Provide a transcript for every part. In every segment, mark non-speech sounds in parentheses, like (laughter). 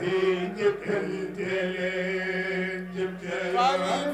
fi njëkkal te leen njëkkal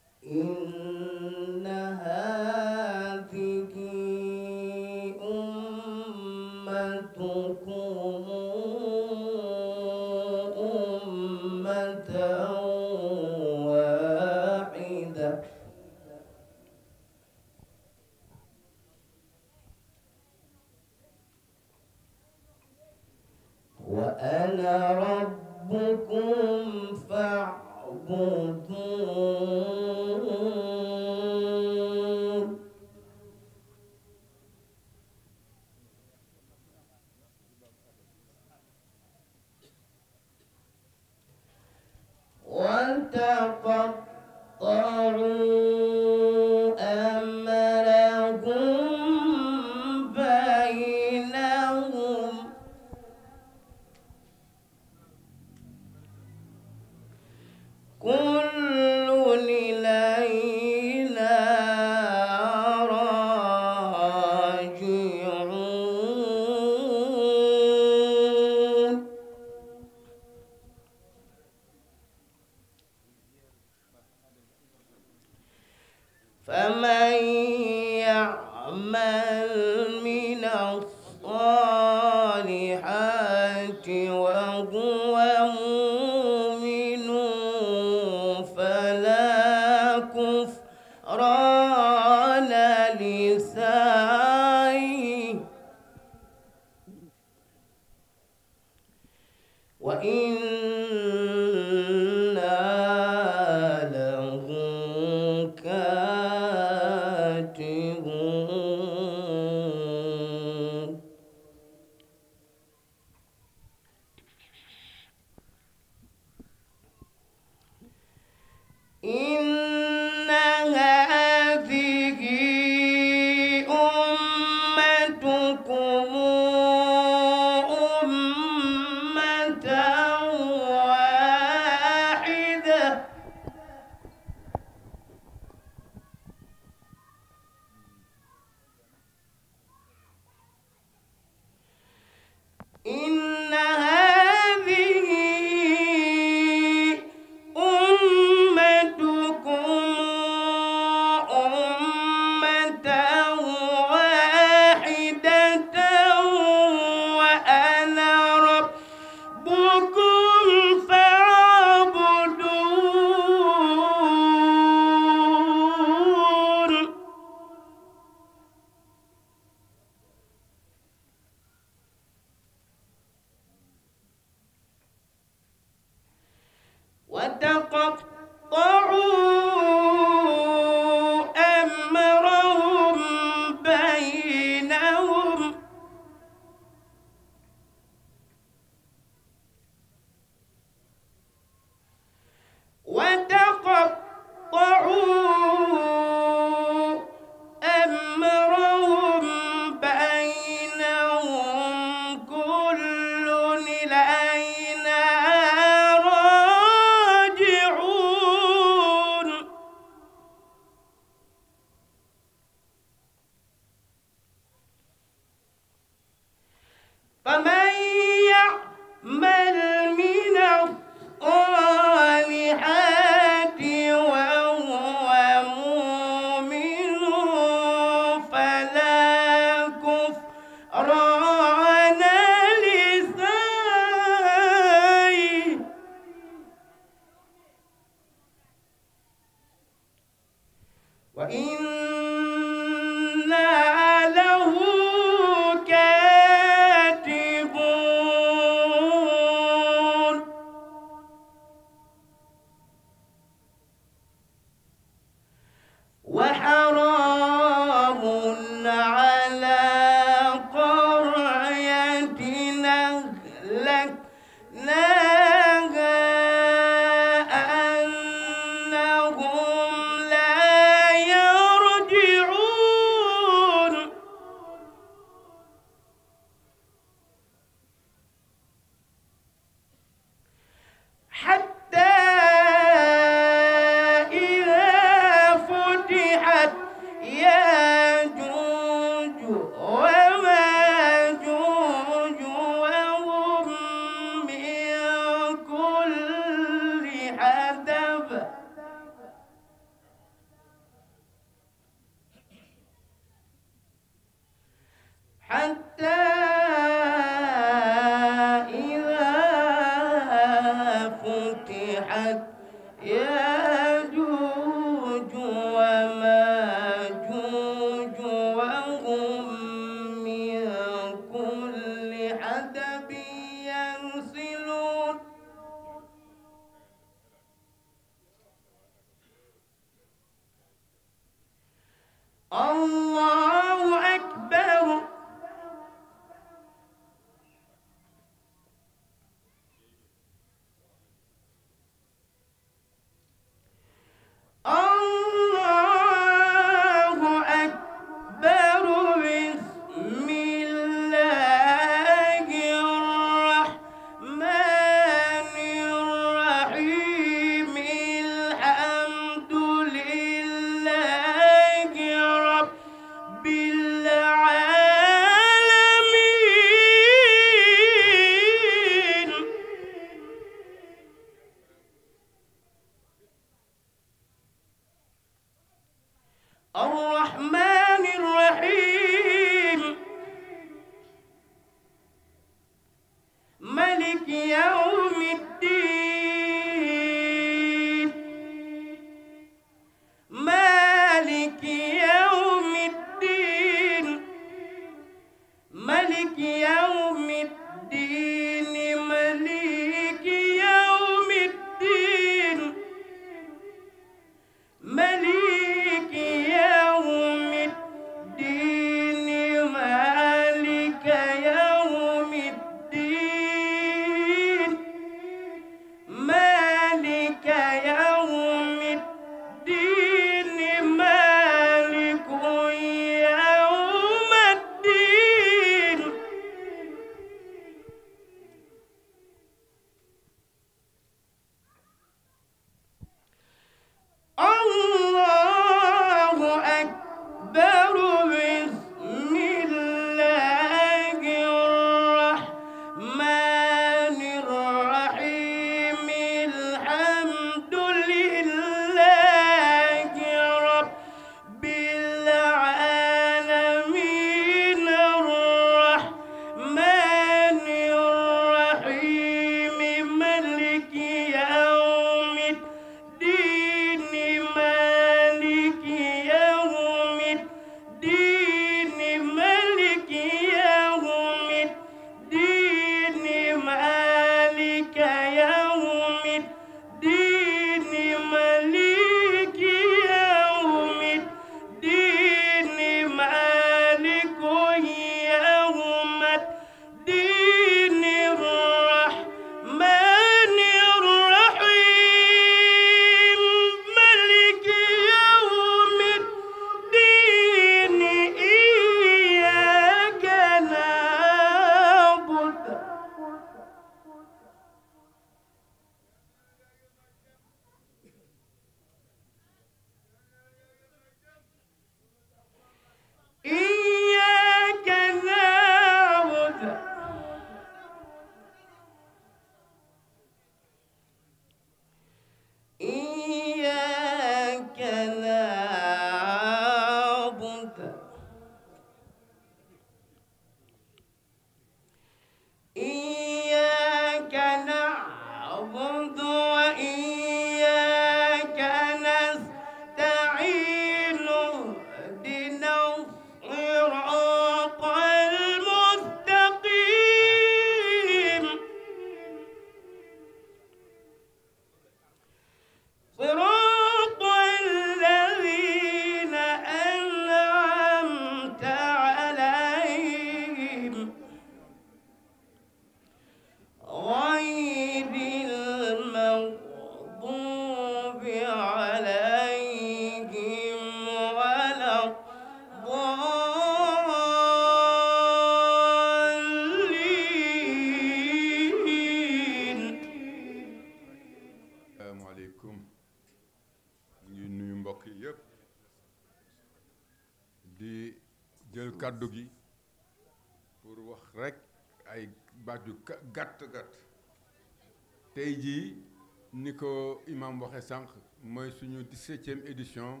7e édition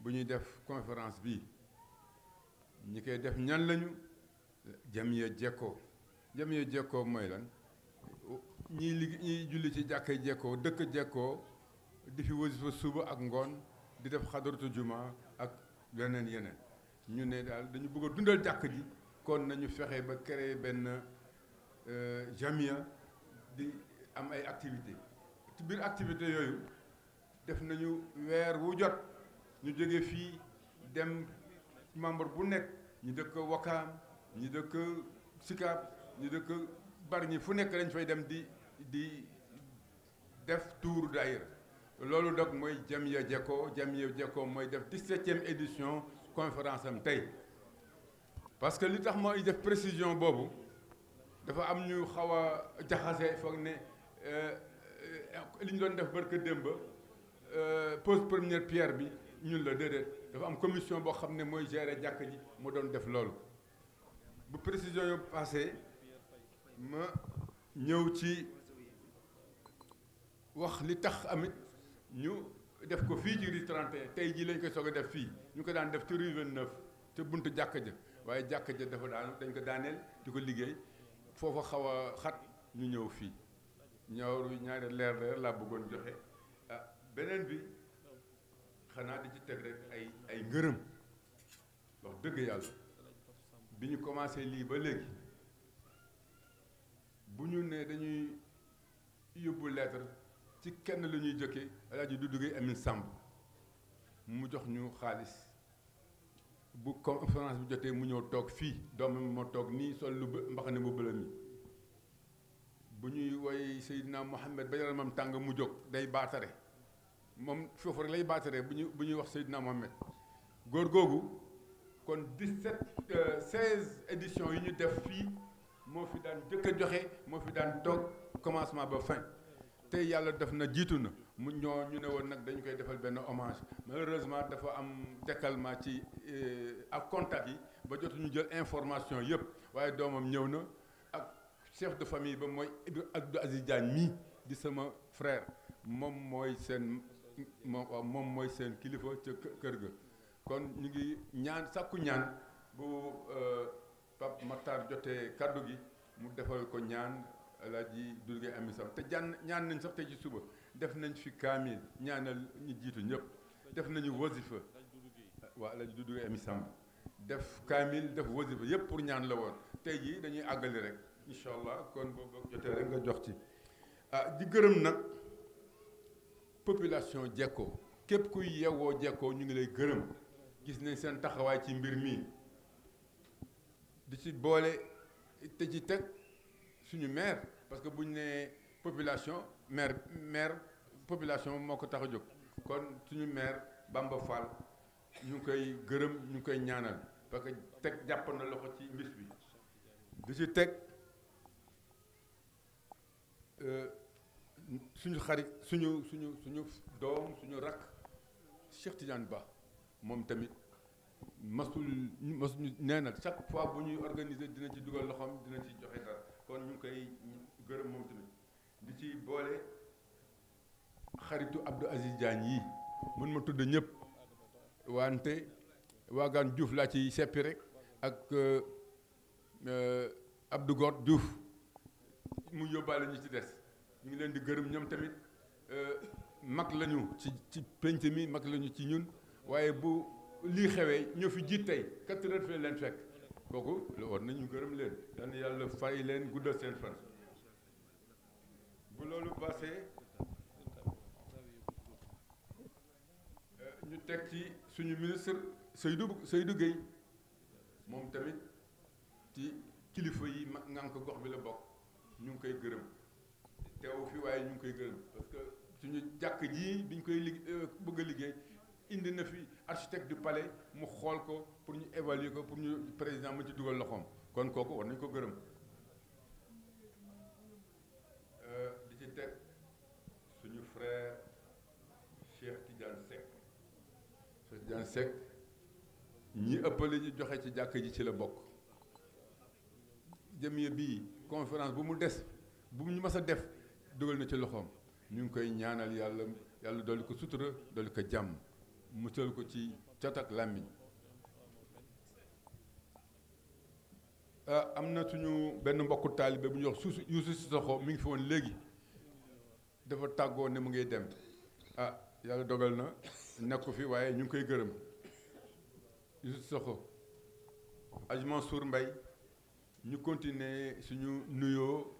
bu ñuy def conférence bi ñi koy def ñan lañu jamiya jekkoo jamiya jekkoo mooy lan ñi ñi julli ci jàkkay jekkoo dëkk jekkoo di fi wasifa suba ak ngoon di def khadratu juma ak leneen yeneen ñu ne dal dañu bëgg dundal jakk ji kon nañu fexé ba créer ben euh jamia di am ay activités ci biir activité yooyu def nañu weer wu jot ñu jóge fii dem membre bu nekk ñu dëkk Wakaam ñu dëkk Sikaab ñu dëkk Bargny fu nekk lañ fay dem di di def tour daayira loolu dog mooy Jamhiyya Jekko Jamhiyya Jekko mooy def 17e édition conférence am tey parce que li tax mooy def précision boobu dafa am ñu xaw a jaxase foog ne euh, euh, li ñu doon def barke démb Euh, pose première pierre bi ñun la déedéet dafa am commission boo xam ne mooy gérer jàkk ji moo doon def loolu bu précision yu passé ma ñëw ci wax li tax amit ñu def ko fii ci rue tey jii lañ koy soog a def fii ñu ko daan def ci rue 29 te buntu jàkk ja waaye jàkk ja dafa daan dañ ko daaneel di ko liggéey foofa xaw a xat ñu ñëw fii ñaaru ñaari leer leer laa bëggoon joxe beneen bi xanaa di ci teg rek ay ay ngërëm wax dëgg yàlla bi ñu commencé lii ba léegi bu ñu nee dañuy yóbbu lettre ci kenn la ñuy jëkkee alaaji du duggee Amin sàmb mu jox ñu xaalis bu conférence bi jotee mu ñëw toog fii doomam moo toog nii sol lu mbaxane bu bëla mi bu ñuy woy Seydina Mohamed ba yaramam tàng mu jóg day baatare mom fofu rek lay baataree bu ñu wax sayyidina mohammed gor gogu kon 17 16 euh, éditions yi ñu def fi mo fi daan jëkk joxe mo fi daan tok commencement ba fin tey yalla def na jitu na mu ñoo ñu ne nak dañ koy defal ben hommage malheureusement dafa am décalement ci euh, ak contact yi ba ñu jël information yépp waaye doomam ñëw na ak chef de famille ba mooy Abdou Aziz Diagne mii di sama frère moom mooy seen moom waaw moom mooy seen kilifa ca kër ga kon ñu ngi ñaan sàkku ñaan bu euh, Pape Matar jotee kàddu gi mu defal ko ñaan Alaaji Duggee Ami Sam te jàn ñaan nañ sax tey ci suba def nañ fi kaamil ñaanal ñu jiitu ñëpp def nañu wasifa waaw Alaaji Duggee Ami Sam def kaamil def wasifa yëpp pour ñaan la woon tey jii dañuy àggali rek incha allah kon boobu jotee rek nga jox ci ah di gërëm nag population Jekko Kep kuy yewwoo Jekko ñu ngi lay gërëm gis nañ seen taxaway ci mbir mi di ci boole te ci teg suñu maire parce que buñ ñu population maire maire population moo ko tax a jóg kon suñu maire Bamba Fall ñu ngi koy gërëm ñu ngi koy ñaanal parce que teg jàpp na loxo ci mbis bi di ci teg. Euh, suñu xarit suñu suñu suñu doom suñu rak Cheikh Tidiane Ba mom tamit masul masul nee chaque fois bu ñuy organiser dina ci duggal loxoom dina ci joxe dara kon ñu ngi koy gërëm mom tamit di ci boole xaritu Abdou Aziz Diagne yi mën ma tudd ñëpp wante wagan Diouf la ci seppi rek ak euh, euh, Abdou Gor Diouf mu yobale ñu ci des ñu ngi leen di gërëm ñoom tamit euh, mag lañu ci ci penc mi mag lañu ci ñun waaye bu lii xewee ñoo fi jiit tey quatre heures fi leen fekk kooku nañu gërëm leen yàlla fay leen guddal seen fan bu loolu passé euh, ñu teg ci suñu ministre Seydou Seydou Guèye moom tamit ci kilifa yi ngànk gox bi la bokk ñu ngi koy gërëm teewu fi waaye ñu ngi koy gërëm parce que suñu jàkk ji biñ koy lig euh, bëgg a liggéey indi na fi architecte du palais mu xool ko pour ñu évaluer ko pour ñu président mu ci dugal loxoom kon kooku war nañ ko gërëm euh, di ci teg suñu frère Cheikh Tidiane sek Cheikh Tidiane sek ñi ëpp li ñu joxe ci jàkk ji ci la bokk jëmye bii conférence bu mu des bu mu ñu mas a def dugal na ci loxoom ñu ngi koy ñaanal yàlla yàlla dolli ko sutura dolli ko jàmm mu musal ko ci cat ak làmmiñ ah, am na suñu benn mbokku taalibe bu ñuy wax suusu yuusu Sissoko mi ngi fi woon léegi dafa tàggoo ne mu ngi dem ah yàlla dogal na nekku fi waaye ñu ngi koy gërëm yuusu Sissoko Aj Mansour Mbaye ñu continuer suñu nuyoo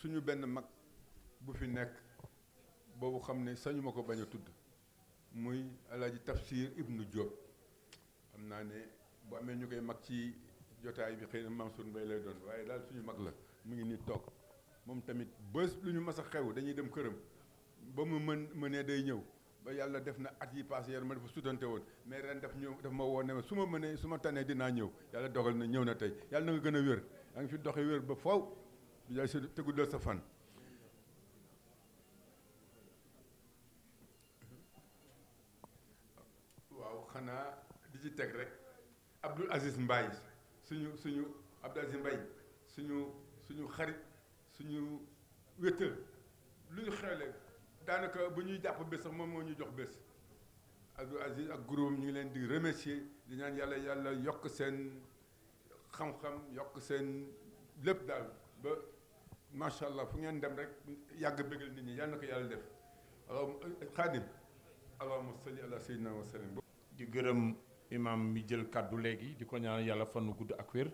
suñu benn mag bu fi nekk boobu xam ne sañu ma ko bañ a tudd muy alaaji tafsir ibnu Diop xam naa ne bu amee ñu koy mag ci jotaay bi xëy na Mansour Mbaye lay doon waaye daal suñu mag la mu ngi nii toog moom tamit bés lu ñu mas a xew dañuy dem këram ba mu mën mënee day ñëw ba yàlla def na at yi passé yar ma dafa sutante woon mais ren daf ñëw daf ma woo ne su ma mënee su ma tanee dinaa ñëw yàlla dogal na ñëw na tey yàlla na nga gën a wér yaa ngi bi jaay si te guddal sa fan waaw xanaa di ci teg rek Abdoul Aziz Mbaye suñu suñu Abdoul Aziz Mbaye suñu suñu xarit suñu wéttal lu ñu xewle daanaka bu ñuy jàpp bés sax moom ñu jox bés Abdoul Aziz ak groupe ñu ngi leen di remercier di ñaan yàlla yàlla yokk seen xam-xam yokk seen lépp daal ba macha allah fu ngeen dem rek yàgg bëggal nit ñi yal na ko yàlla def alors xaadim allahumma salli ala di gërëm imam mi jël kàddu léegi di ko ñaan yàlla fanu gudd ak wér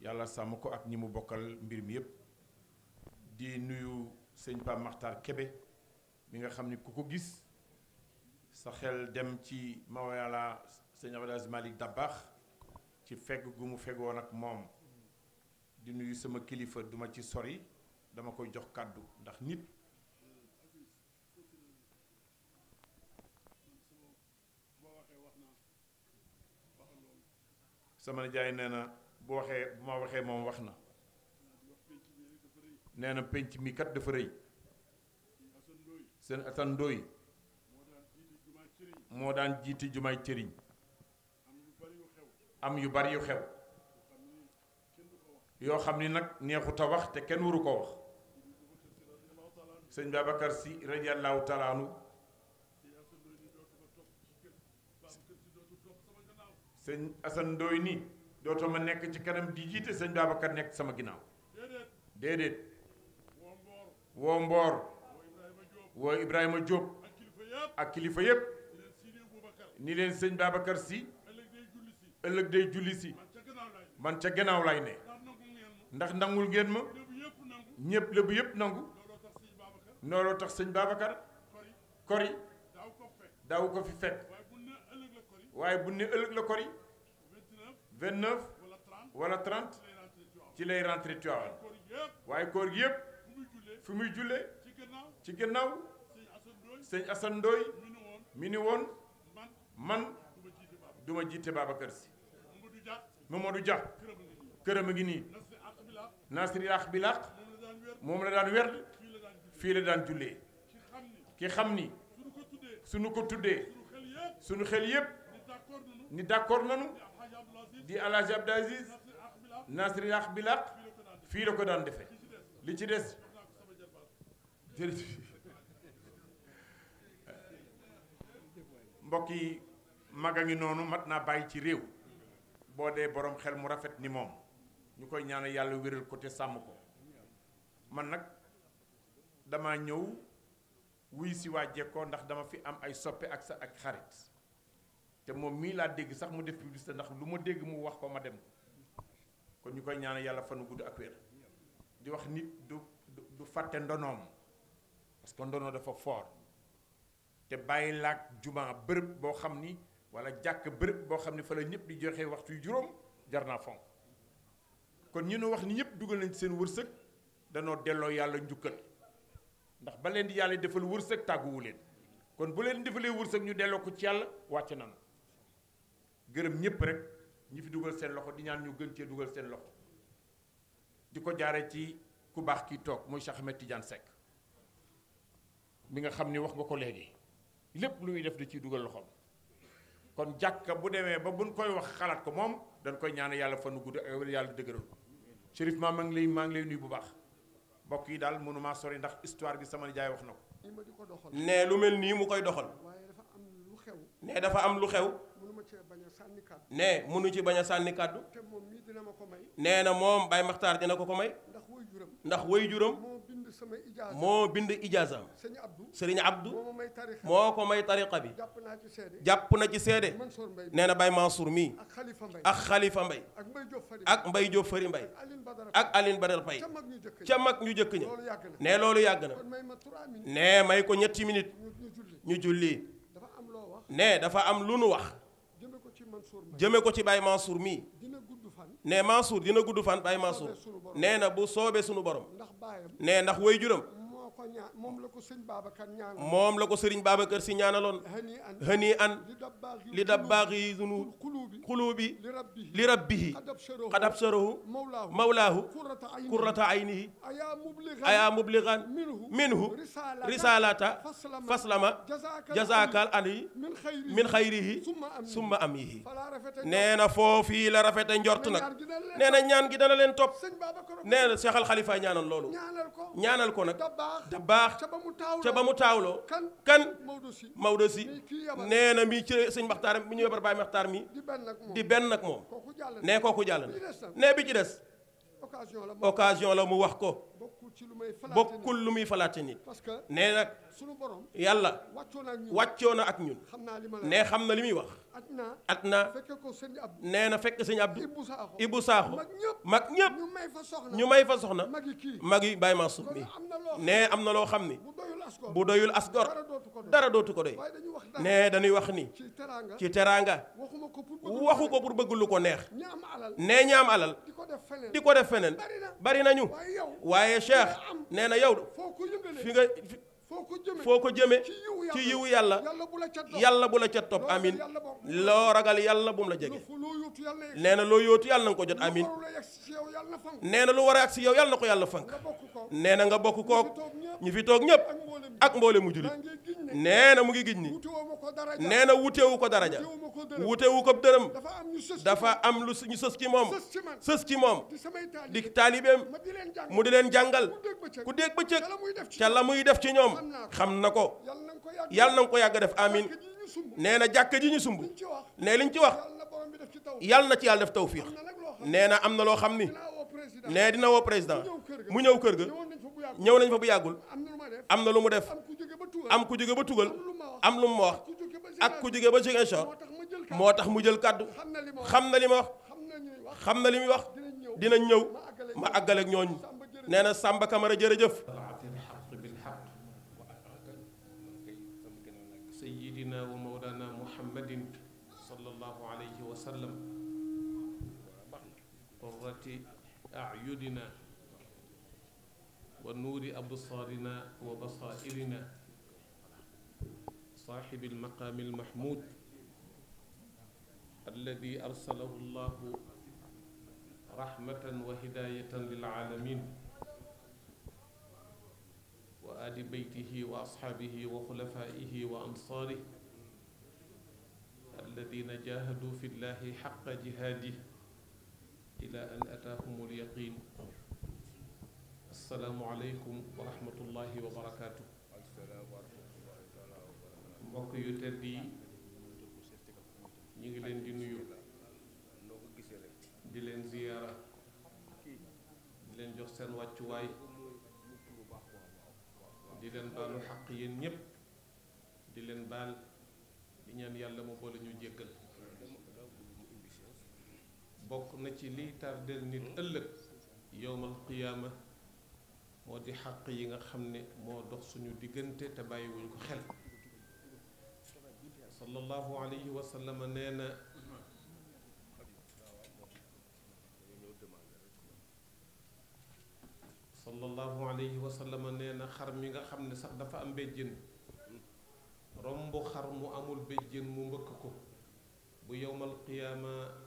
yàlla sàmm ko ak ñi mu bokkal mbir mi yépp di nuyu sëñ Pape kebe mi nga xam ni ku ko gis sa xel dem ci mawala sëñ Abdoulaye Malick Dabakh ci fegg gu mu feggoon ak moom di nuyu sama kilifa duma ci sori dama ko jox kàddu ndax nit sama jaay nee na bu waxee bu ma waxee moom wax na nee na penc mi kat dafa rëy seen Assane Ndoye moo daan jiite jumaay cëriñ am yu bari yu xew yoo xam ni nag neexut a wax te kenn waru koo wax sëñ Babacar si radiallahu taala anhu sëñ Assane Ndoye dootuma nekk ci kanam di jiite sëñ Babacar nekk sama ginnaaw déedéet woo Mboor woo Ibrahima Diop ak kilifa yépp ni leen sëñ Babacar si ëllëg day julli si man ca gannaaw lay ne ndax nangul ngeen ma ñëpp lebu yëpp nangu nooloo tax sëñ Babacar kori daw ko fi fek waye bu ne ëllëg la kori 29 wala 30 ci lay rentré Tivaouane waye koor gi yëpp fu muy julé ci gannaaw sëñ Assane Ndoye mini won man duma jité Babacar si Mamadou Dia këram a ngi nii nasri laax bi laax moom la daan werd fii la daan jullee ki xam ni suñu ko tuddee suñu xel yépp ni d'accord nanu di alaaji abdou aziz nasri bi laax fii la ko daan defe li ci des jërëjëf yi mag a ngi noonu mat naa bàyyi ci réew boo dee boroom xel mu rafet ni moom ñu koy ñaanal yalla wëral côté sam ko man nak dama ñëw wuy si wa jekko ndax dama fi am ay soppe ak sa ak xarit te mom mi la dégg sax mu def publicité ndax luma dégg mu wax ko ma dem kon ñu koy ñaanal yàlla fanu gudd ak wër di wax nit du du faté ndonom parce que ndono dafa fort te bay lak juma bërb bo xamni wala jak bërb bo xamni fa la ñëpp di joxé waxtu juroom jarna fonk kon ñu nu wax nii ñëpp dugal nañ seen wërsëg danoo delloo yàlla njukkal ndax ba leen di yàlla defal wërsëg tàgguwu leen kon bu leen defalee wërsëg ñu delloo ko ci yàlla wàcc nañu gërëm ñëpp rek ñu fi dugal seen loxo di ñaan ñu gën cee dugal seen loxo di ko jaare ci ku baax kii toog muy sax Ahmed Tidiane Seck bi nga xam ni wax nga ko léegi lépp lu muy def da ciy dugal loxoom kon jàkka bu demee ba buñ koy wax xalaat ko moom dañ koy ñaan yàlla fanu gudd ak yàlla dëgëral Chérif maa ngi lay maa ngi lay nuyu bu baax bokk yi daal mënumaa sori ndax histoire bi sama jaay wax na ko ne lu mel nii mu koy doxal ne dafa am lu xew ne mënu ci bañ a sànni kàddu nee na moom Baye maxtaar dina ko ko may ndax way juram moo bind ijaasam sëriñ Abdou moo ko may tariqa bi jàpp na ci seede nee na Baye Mansour mii ak xalifa Mbaye ak Mbaye Diop Fari Mbaye ak Aline Badara Paye ca mag ñu jëkk ña ne loolu yàgg na ne may ko ñetti minute ñu julli ne dafa am lu nu wax jëme ko ci Baye Mansour mii ne Mansour dina gudd fan Baye Mansour nee na bu soobee sunu borom nee ndax way juram ko ñaan moom la ko sëriñ Babacar ñaanaloon moom la ko sëriñ Babacar si ñaanaloon hani an li dabbaaxi zunu xuluubi li rabbihi qad absarahu mawlaahu qurrata aynihi ayaa mubligan minhu risalata faslama jazaakal ani min xayrihi summa amihi nee na foofii la rafete njort nag nee na ñaan gi dana leen topp nee na seexal xalifa ñaanal loolu ñaanal ko nag te baax ca ba mu taawloo kan Maodo si nee na mii ci sëñ Maxtaar mi ñu webar Baay Maxtaar mi di benn ak moom nee kooku jàll na nee bi ci des occasion la mu wax ko bokkul lu muy falaate nit nee nag sunu borom yàlla wàccoo na ak ñun ne xam na li muy wax at na nee na fekk sëñ Abdou Ibou Sakho mag ñëpp ñu may fa soxna mag yi Baye Mansour mi nee am na loo xam ni bu doyul asgor dara dootu ko doy nee dañuy wax ni ci teraanga waxu ko pour bëgg lu ko neex nee ñaam alal di ko def feneen bari nañu waaye Cheikh nee na yow fi nga foo ko jëme ci yiwu yàlla yàlla bu la ca topp amin loo ragal yàlla bu mu la jege nee na loo yóotu yàlla na ko jot amin nee na lu war a agsi yow yàlla ko yàlla fank nee na nga bokk kook ñu fi toog ñépp ak mboole mu julit nee na mu ngi gis ni nee na wutewu ko daraja wutewu ko dërëm dafa am lu ñu sës ci moom sës ci moom di taalibeem mu di leen jàngal ku dégg bëccëg ca la muy def ci ñoom moom xam na ko yàlla na nga ko yàgg def amin nee na jàkka ji ñu sumb nee liñ ci wax yal na ci yàlla def tawfiix nee na am na loo xam ni nee dina woo président mu ñëw kër ga ñëw nañ fa bu yàggul am na lu mu def am ku jóge ba tugal am lu mu wax ak ku jóge ba Ziguinchor moo tax mu jël kàddu xam na li ma wax xam na li muy wax dinañ ñëw ma àggale ak ñooñu nee na Samba a jërëjëf. أعيننا ونور أبصارنا وبصائرنا صاحب المقام المحمود الذي أرسله الله رحمة وهداية للعالمين وآل بيته وأصحابه وخلفائه وأنصاره الذين جاهدوا في الله حق جهاده إلى أن أتاهم اليقين السلام عليكم ورحمة الله وبركاته mbokk yu tedd yi ñu ngi leen di nuyu di leen ziyaara di leen jox seen wàccuwaay di leen baalu xaq yéen ñépp di leen baal di ñaan yàlla mu boole ñu jéggal بوك نتي لي تاردل نيت ëlëk يوم القيامه مودي حق ييغا خامني مو دوخ سونو ديغنتي تا باي وول كو خيل صلى الله عليه وسلم نانا صلى الله عليه وسلم نانا خر ميغا خامني صاح دا فا ام بيجين رومبو خر مو امول بيجين مو مبككو بو يوم القيامه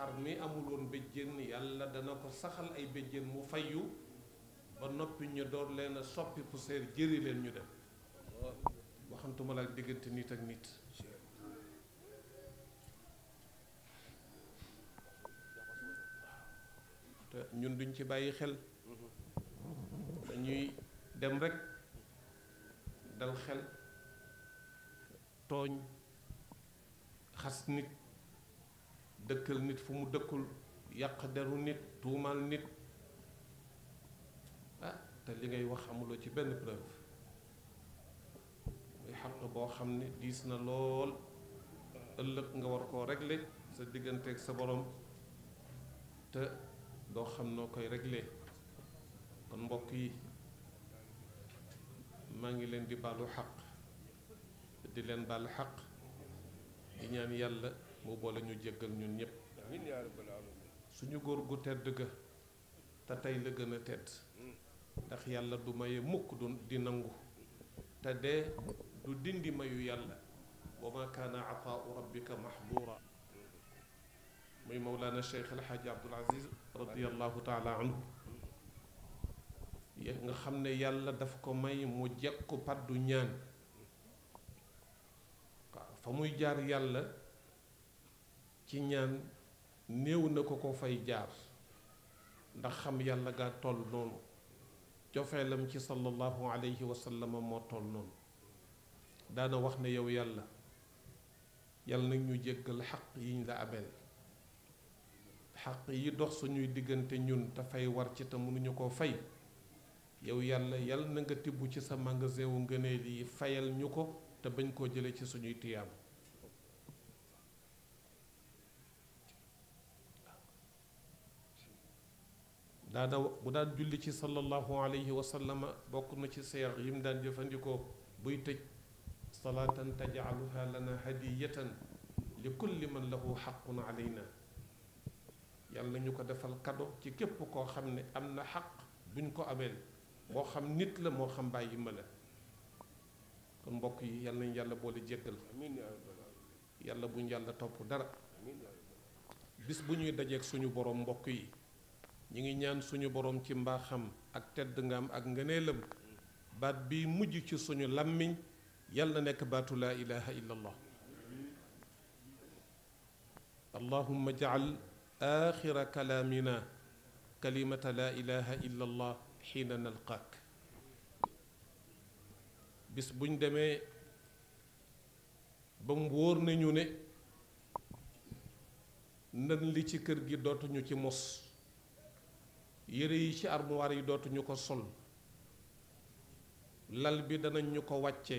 xar mi amul woon béjjén yàlla dana ko saxal ay béjjén mu fayyu ba noppi ñu door leen a soppi poussière jëri leen ñu dem waxantuma la ak diggante nit ak nit te ñun duñ ci bàyyi xel dañuy dem rekk dal xel tooñ xas nit dëkkal nit fu mu dëkkul yàq deru nit tuumal nit ah te li ngay wax amuloo ci benn preuve muy xaq boo xam ne diis na lool ëllëg nga war koo régler sa digganteeg sa borom te doo xam noo koy régler kon mbokk yi maa ngi leen di baalu xaq di leen baal xaq di ñaan yàlla mu boole ñu jéggal ñun ñëpp suñu góor gu tedd ga te tey la gën a tedd ndax yàlla du maye mukk du di nangu te dee du dindi mayu yàlla wa ma kaana ataau rabbika mahduura muy mawlaana cheikh alxaaji abdul aziz radiallahu taala anhu nga xam ne yàlla daf ko may mu jekku paddu ñaan fa muy jaar yàlla ci ñaan néew na ko ko fay jaar ndax xam yàlla gaa toll noonu cofeelam ci sallallahu alayhi wa sallam moo toll noonu daana wax ne yow yàlla yàlla na ñu jéggal xaq yiñ ñu la abel xaq yi dox suñuy diggante ñun dafay war ci te mënuñu koo fay yow yàlla yàlla na nga tibb ci sa magasin wu ngëneel yi fayal ñu ko te bañ koo jële ci suñuy tiyaam daana bu daan julli ci sallallahu alayhi wa sallam bokk na ci seer yi mu daan jëfandikoo buy tëj salaatan tajcaluha lana hadiyatan li kulli man lahu xaqun alayna yàlla ñu ko defal kado ci képp koo xam ne am na xaq buñ ko ameel moo xam nit la moo xam bàyyi ma la kon mbokk yi yàlla nañ yàlla boole jéggal yàlla buñ yàlla topp dara bis bu ñuy dajeeg suñu borom mbokk yi ñi ngi ñaan suñu borom ci mbaaxam ak tedd ngaam ak ngëneelam baat bi mujj ci suñu làmmiñ yàlla na baatu laa ilaha illa allah allahumma jacal aaxira kalaamina kalimata laa ilaha illa allah xiina nalqaak bis buñ demee ba mu wóor nañu ne nan li ci kër gi dootuñu ci mos yére yi ci armoire yi dootuñu ko sol lal bi danañ ñu ko wàcce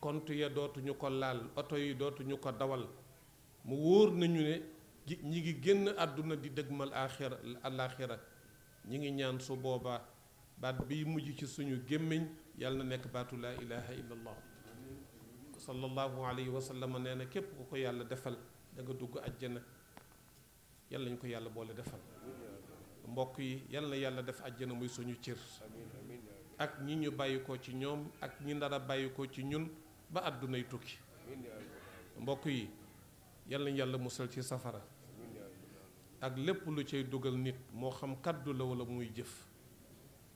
kont ya dootuñu ko laal oto yi dootuñu ko dawal mu wóor nañu ne ñi ngi génn àdduna di dëgmal aaxira alaaxira ñi ngi ñaan su boobaa baat bi mujj ci suñu gémmiñ yàlla na nekk baatu laa ilaha illa allah sallallahu alayhi nee na képp ku ko yàlla defal da nga dugg àjjana yàlla ñu ko yàlla boole defal mbokk yi yal yàlla def àjjana muy suñu cër ak ñi ñu bàyyi ci ñoom ak ñi nar a bàyyi ci ñun ba àddunay tukki mbokk yi yal yàlla musal ci safara ak lépp lu cay dugal nit moo xam kàddu la wala muy jëf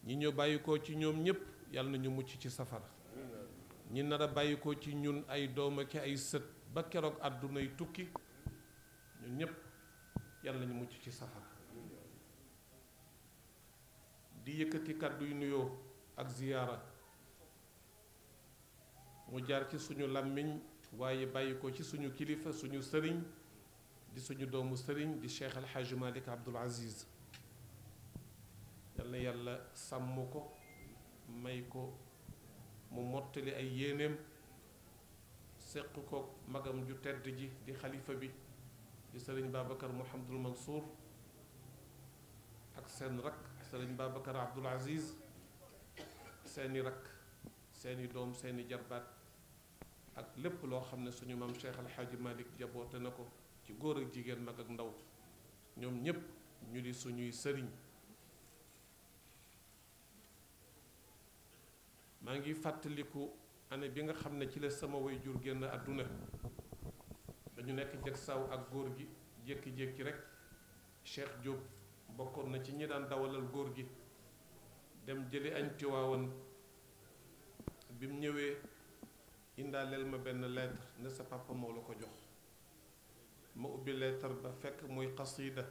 ñi ñu bàyyikoo ci ñoom ñépp yal na ñu mucc ci safara ñi nar bàyyikoo ci ñun ay doom ak ay sët ba keroog àddunay tukki ñun ñépp yal nañu mucc ci safara di yëkkati kàddu yu nuyoo ak ziyaara mu jaar ci suñu làmmiñ waaye bàyyi ko ci suñu kilifa suñu sëriñ di suñu doomu sëriñ di cheikh alxaaji malik abdul aziz yàlla yàlla sàmm ko may ko mu mottali ay yéeneem seq ko magam ju tedd ji di xalifa bi di sëriñ babacar mouhamadul mansour ak seen rak sëriñ Babacar Abdoul Aziz seeni rakk seeni doom seeni jarbaat ak lépp loo xam ne suñu maam Cheikh Al Hadj Malick jaboote na ko ci góor ak jigéen mag ak ndaw ñoom ñépp ñu di suñuy sëriñ maa ngi fàttaliku année bi nga xam ne ci la sama way jur génn àdduna dañu nekk jeg saw ak góor gi jékki-jékki rek Cheikh Diop bokkoon na ci ñi daan dawalal góor gi dem jëli añ Tiwaawan bi mu ñëwee indaaleel ma benn lettre ne sa papa la ko jox ma ubbi lettre ba fekk muy xasida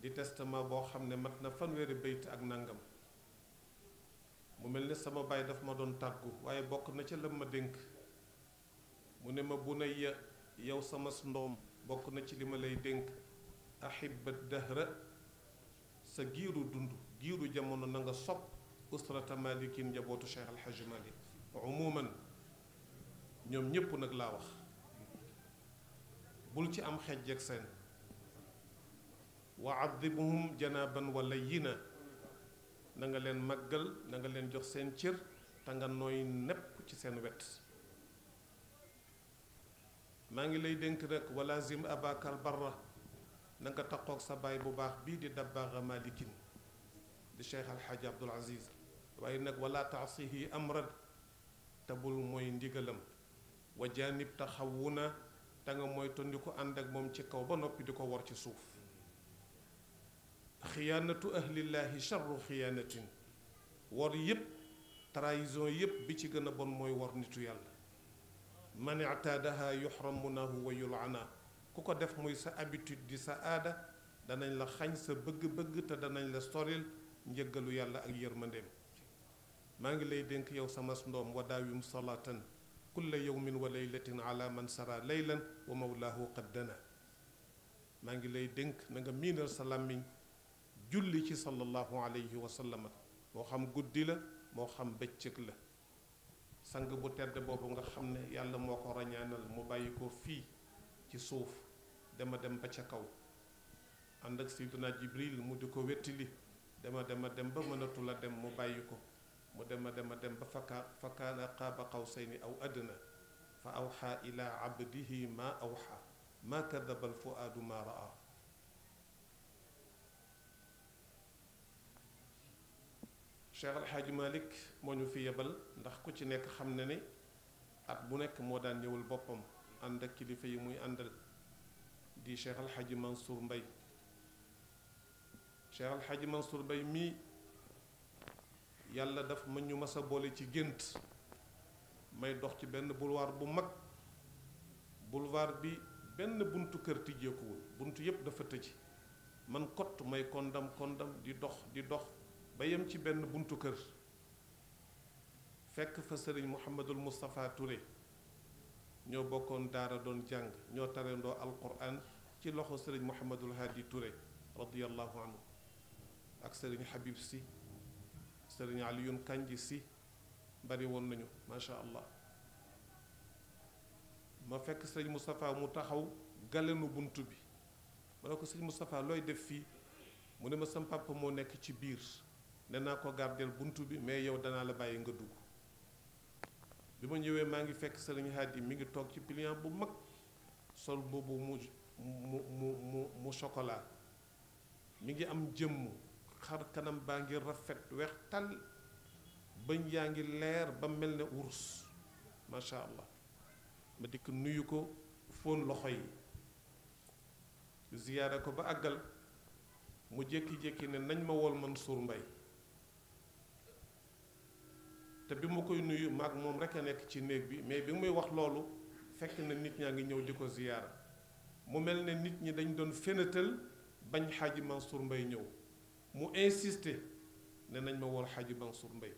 di testament boo xam ne mat na fanweeri bayt ak nangam mu mel ni sama baay daf ma doon tàggu waaye bokk na ci lam ma dénk mu ne ma bu na yow sama ndoom bokk na ci li ma lay dénk ahibat dahra sa giiru dund giiru jamono nanga nga sopp usrata malikin njabootu Cheikh Al Hadj Malick ñoom ñépp nag laa wax bul ci am xejj ak seen wa adibuhum janaban wala yina na nga leen màggal nanga leen jox seen cër te nga nooy népp ci seen wet maa ngi lay dénk nag walazim abakar barra na nga taqoog sa baay bu baax bii di dabbaaxa malikin di cheikh alxaaji abdul aziz waaye nag wala taasihi amran te bul mooy ndigalam wa janib te xawu na te nga mooy tondi ko ànd ak moom ci kaw ba noppi di ko war ci suuf xiyaanatu ahlillaahi charru xiyaanatin war yépp trahison yépp bi ci gën a bon mooy war nitu yàlla man ictaadaha yuxramunahu wa yulaana ku ko def muy sa habitude di sa aada danañ la xañ sa bëgg-bëgg te danañ la soril njëggalu yàlla ak yërmandeem maa ngi lay dénk yow sama ndoom wa daawim salaatan kulla yawmin wa laylatin ala man sara laylan wa mawlaahu qaddana maa ngi lay dénk na nga miinal sa làmmiñ julli ci sallallahu alayhi wa sallam moo xam guddi la moo xam bëccëg la sang bu tedd boobu nga xam ne yàlla moo ko rañaanal mu bàyyi ko fii ci suuf dema dem ba ca kaw ànd ak Seydina Jibril mu di ko wettili dema dema dem ba mënatul a dem mu bàyyi ko mu dema dema dem ba fakka fakkaana qaaba qawsayni aw adna fa awxaa ila abdihi ma awxa ma kadaba alfuaadu ma raa Cheikh Alxaaji Malik moo ñu fi yebal ndax ku ci nekk xam na ne at nekk moo daan ñëwal àndal di Cheikh Al Hadj Mansour Mbaye Cheikh Al Hadj Mansour Mbaye mii yàlla daf ma ñu mas a boole ci gént may dox ci benn boulevard bu mag boulevard bi benn buntu kër tijjeekuwul buntu yépp dafa tëj man kott may kondam kondam di dox di dox ba yem ci benn buntu kër fekk fa sëriñ Mouhamadul Moustapha Touré. ñoo bokkoon daara doon jàng ñoo tarendoo alquran ci loxo sëriñ Mouhamadul Hadi Touré radiallahu anhu ak sëriñ Habib si sëriñ Alioune Kandji si bari woon nañu macha allah ma fekk sëriñ Moustapha mu taxaw galenu bunt bi ma ne ko sëriñ Moustapha looy def fii mu ne ma sam papa moo nekk ci biir nee naa ko gardeel bunt bi mais yow danaa la bàyyi nga dugg bi ma ñëwee maa ngi fekk sëriñ Hadi mi ngi toog ci pliant bu mag sol boobu mu mu mu mu chocolat mi ngi am jëmm xar kanam baa ngi rafet weex tal bëñ yaa ngi leer ba mel ne wurs macha allah ma dikk nuyu ko fóon loxo yi ziyaara ko ba àggal mu jékki-jékki ne nañ ma wol man suur mbay te bi mu koy nuyu mag moom rekk a nekk ci néeg bi mais bi muy wax loolu fekk na nit ñaa ngi ñëw di ko ziyaara mu mel ne nit ñi dañ doon fénatal bañ xaaji Mansour mbay ñëw mu insiste ne nañ ma wool xaaji Mansour mbay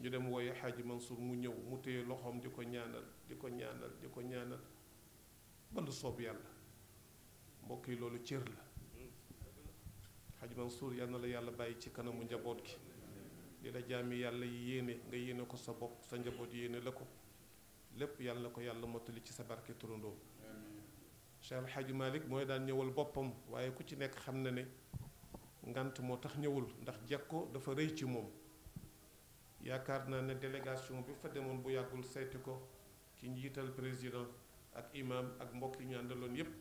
ñu dem wooye xaaji Mansour mu ñëw mu téye loxoom di ko ñaanal di ko ñaanal di ko ñaanal ba lu soob yàlla mbokk yi loolu cër la xaaji Mansour yal na la yàlla bàyyi ci kanamu njaboot gi li la jaami yàlla yéene nga yéene ko sa bopp sa njaboot yéene la ko lépp yàlla ko yàlla mottali ci sa barke turandoo Cheikh xaju malik mooy daan ñëwal boppam waaye ku ci nekk xam na ne ngant moo tax ñëwul ndax jekko dafa rëy ci moom yaakaar naa ne délégation bi fa demoon bu yàggul seeti ko ci njiital président ak imam ak mbokk yi ñu àndaloon yépp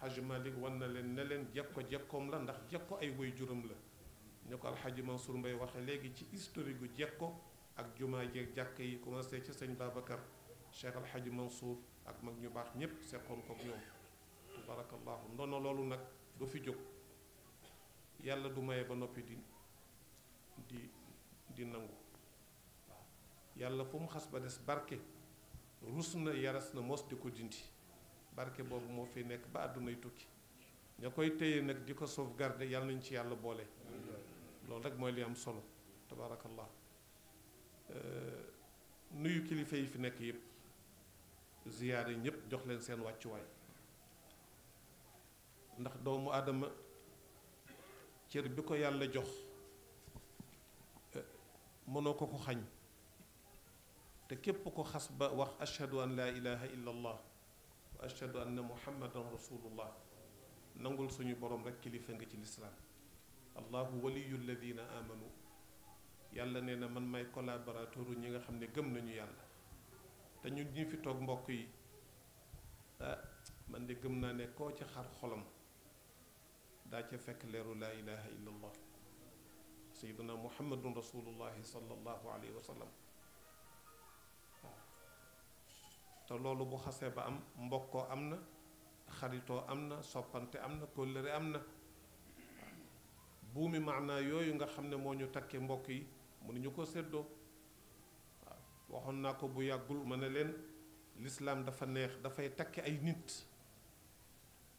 Hadj Malick wan na leen ne leen jekko jekkoom la ndax jekko ay woy juróom la ni ko alxaaji Mansour mbay waxee léegi ci historique gu ko ak jumaa jeeg jàkk yi commencé ci sëñ Babacar Cheikh alxaaji Mansour ak mag ñu baax ñépp seqoon kook ñoom tabarakallahu ndono loolu nag du fi jóg yàlla du maye ba noppi di di di nangu yàlla fu mu xas ba des barke rus na yaras na mos di ko dindi barke boobu moo fi nekk ba àddunay tukki ña koy téye nag di ko sauvegarder yàlla nañ ci yàlla boole loolu rek mooy li am solo tabaarakallah nuyu kilifa yi fi nekk yëpp ziyaar yi ñëpp jox leen seen wàccuwaay ndax doomu aadama cër bi ko yàlla jox mënoo ko ko xañ te képp ko xas ba wax ashhadu an laa ilaha illa allah wa ashhadu anna muhammadan rasulullah nangul suñu borom rek kilifa nga ci lislaam الله ولي الذين آمنوا يالا نينا من ماي كولابوراتور نيغا خامني گم نانيو يالا تا ني ني في توك مبوكي ا من دي گم نا نه كو تي خار خولم دا تي فك ليرو لا اله الا الله سيدنا محمد رسول الله صلى الله عليه وسلم تا لولو بو خاسه با ام مبوكو امنا خريطو امنا سوبانتي امنا كولري امنا buumi maanaa yooyu nga xam ne moo ñu takke mbokk yi mënuñu ko séddoo waxoon naa ko bu yàggul ma ne leen lislaam dafa neex dafay takke ay nit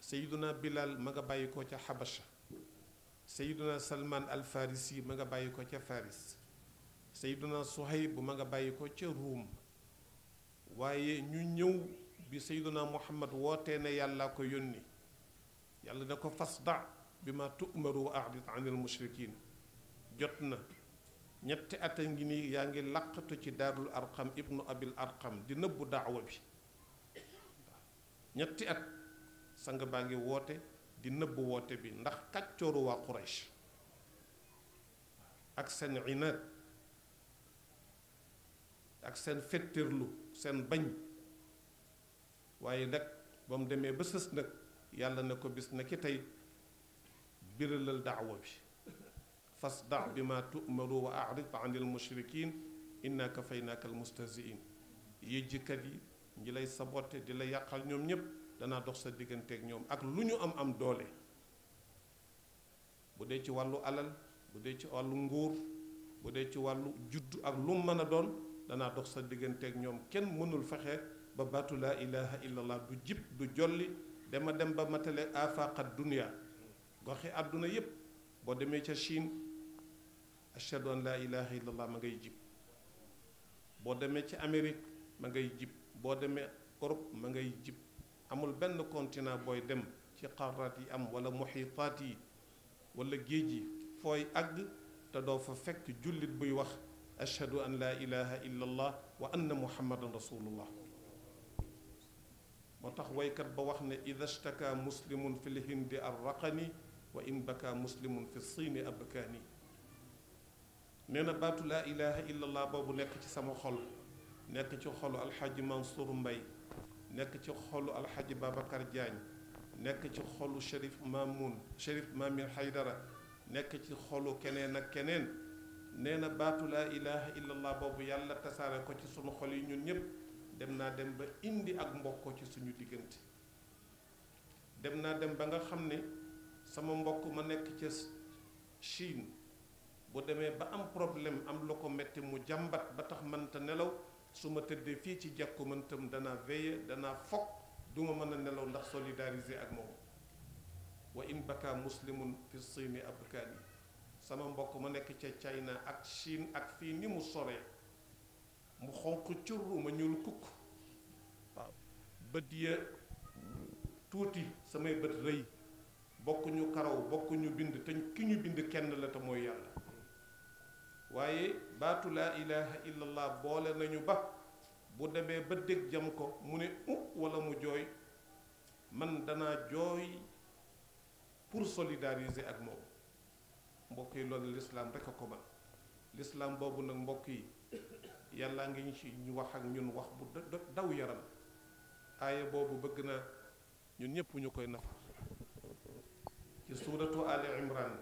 sayiduna bilal ma nga bàyyi ko ca xabasha sayiduna salman al farisi ma nga bàyyi ko ca faris sayiduna suhayb ma nga bàyyi ko ca ruum waaye ñu ñëw bi sayiduna muhammad wootee ne yàlla ko yónni yàlla ne ko fasda بما تؤمر واعرض عن المشركين جتنا نيت اتانغي ني ياغي يعني لاقتو سي دار الارقم ابن ابي الارقم دي نوب دعوه بي نيت ات سانغ باغي ووتي دي نوب ووتي بي ناخ كاتيورو وا قريش عينات اك سن فترلو سن بان واي نك بسسنك ديمي بسس نك يالا نكو بيس biralal daawa bi fasda bi ma tu'maru wa a'rid anil mushrikin inna kafaynaaka al mustaziin yëjjikat yi ñi lay sabote di la yàqal ñoom ñépp danaa dox sa digganteeg ñoom ak lu ñu am am doole bu dee ci wàllu alal bu dee ci wàllu nguur bu dee ci wàllu juddu ak lu mën a doon danaa dox sa digganteeg ñoom kenn mënul fexe ba baatu laa ilaha illallah du jib du jolli dama dem ba matale afaqat dunia goxi aduna yépp boo demee ca Chine ashhadu an laa ilaha illallah ma ngay jib boo demee ci Amérique ma ngay jib boo demee Europe ma ngay jib amul benn continent booy dem ci xaraat yi am wala muxitaat yi wala géej yi fooy àgg te doo fa fekk jullit buy wax ashhadu an laa ilaha illallah wa anna muhammadan rasulullah moo tax waykat ba wax ne ida shtaka muslimun fi lhindi arraqani wa in baka muslimun fi siini ab nee na baatu laa ilaha illallah boobu nekk ci sama xol nekk ci xolu alxaaji Mansour Mbay nekk ci xolu alxaaji Babacar Diagne nekk ci xolu Cherif Mamoun Cherif Mamin Haydara nekk ci xolu keneen ak keneen nee na baatu laa ilaha illallah boobu yàlla tasaare ko ci sunu xol yi ñun ñépp dem naa dem ba indi ak mbokk ci suñu diggante dem naa dem ba nga xam ne sama mbokk ma nekk ca Chine bu demee ba am problème am lu ko metti mu jambat ba tax ta nelaw su ma tëddee fii ci jakku man tam dana veille dana fokk duma mën nelaw ndax solidariser ak moom wa in baka muslimun fi siini abkani sama mbokk ma nekk ca China ak Chine ak fii ni mu soree mu xonq curru ma ñul kukk waaw bët ya tuuti samay bët bokkuñu karaw bokkuñu bind te ki ñu bind kenn la te mooy yàlla waaye baatu laa ilaha illallah boole nañu ba bu demee ba dégg jam ko mu ne u wala mu jooy man danaa jooy pour solidariser ak moom mbokk loolu lislaam rekk a ko man lislaam boobu nag mbokk yi yàllaa ngi ñu ci ñu wax ak ñun wax bu daw yaram aaya boobu bëgg na ñun ñëpp ñu koy nafa ci suuratu ali imran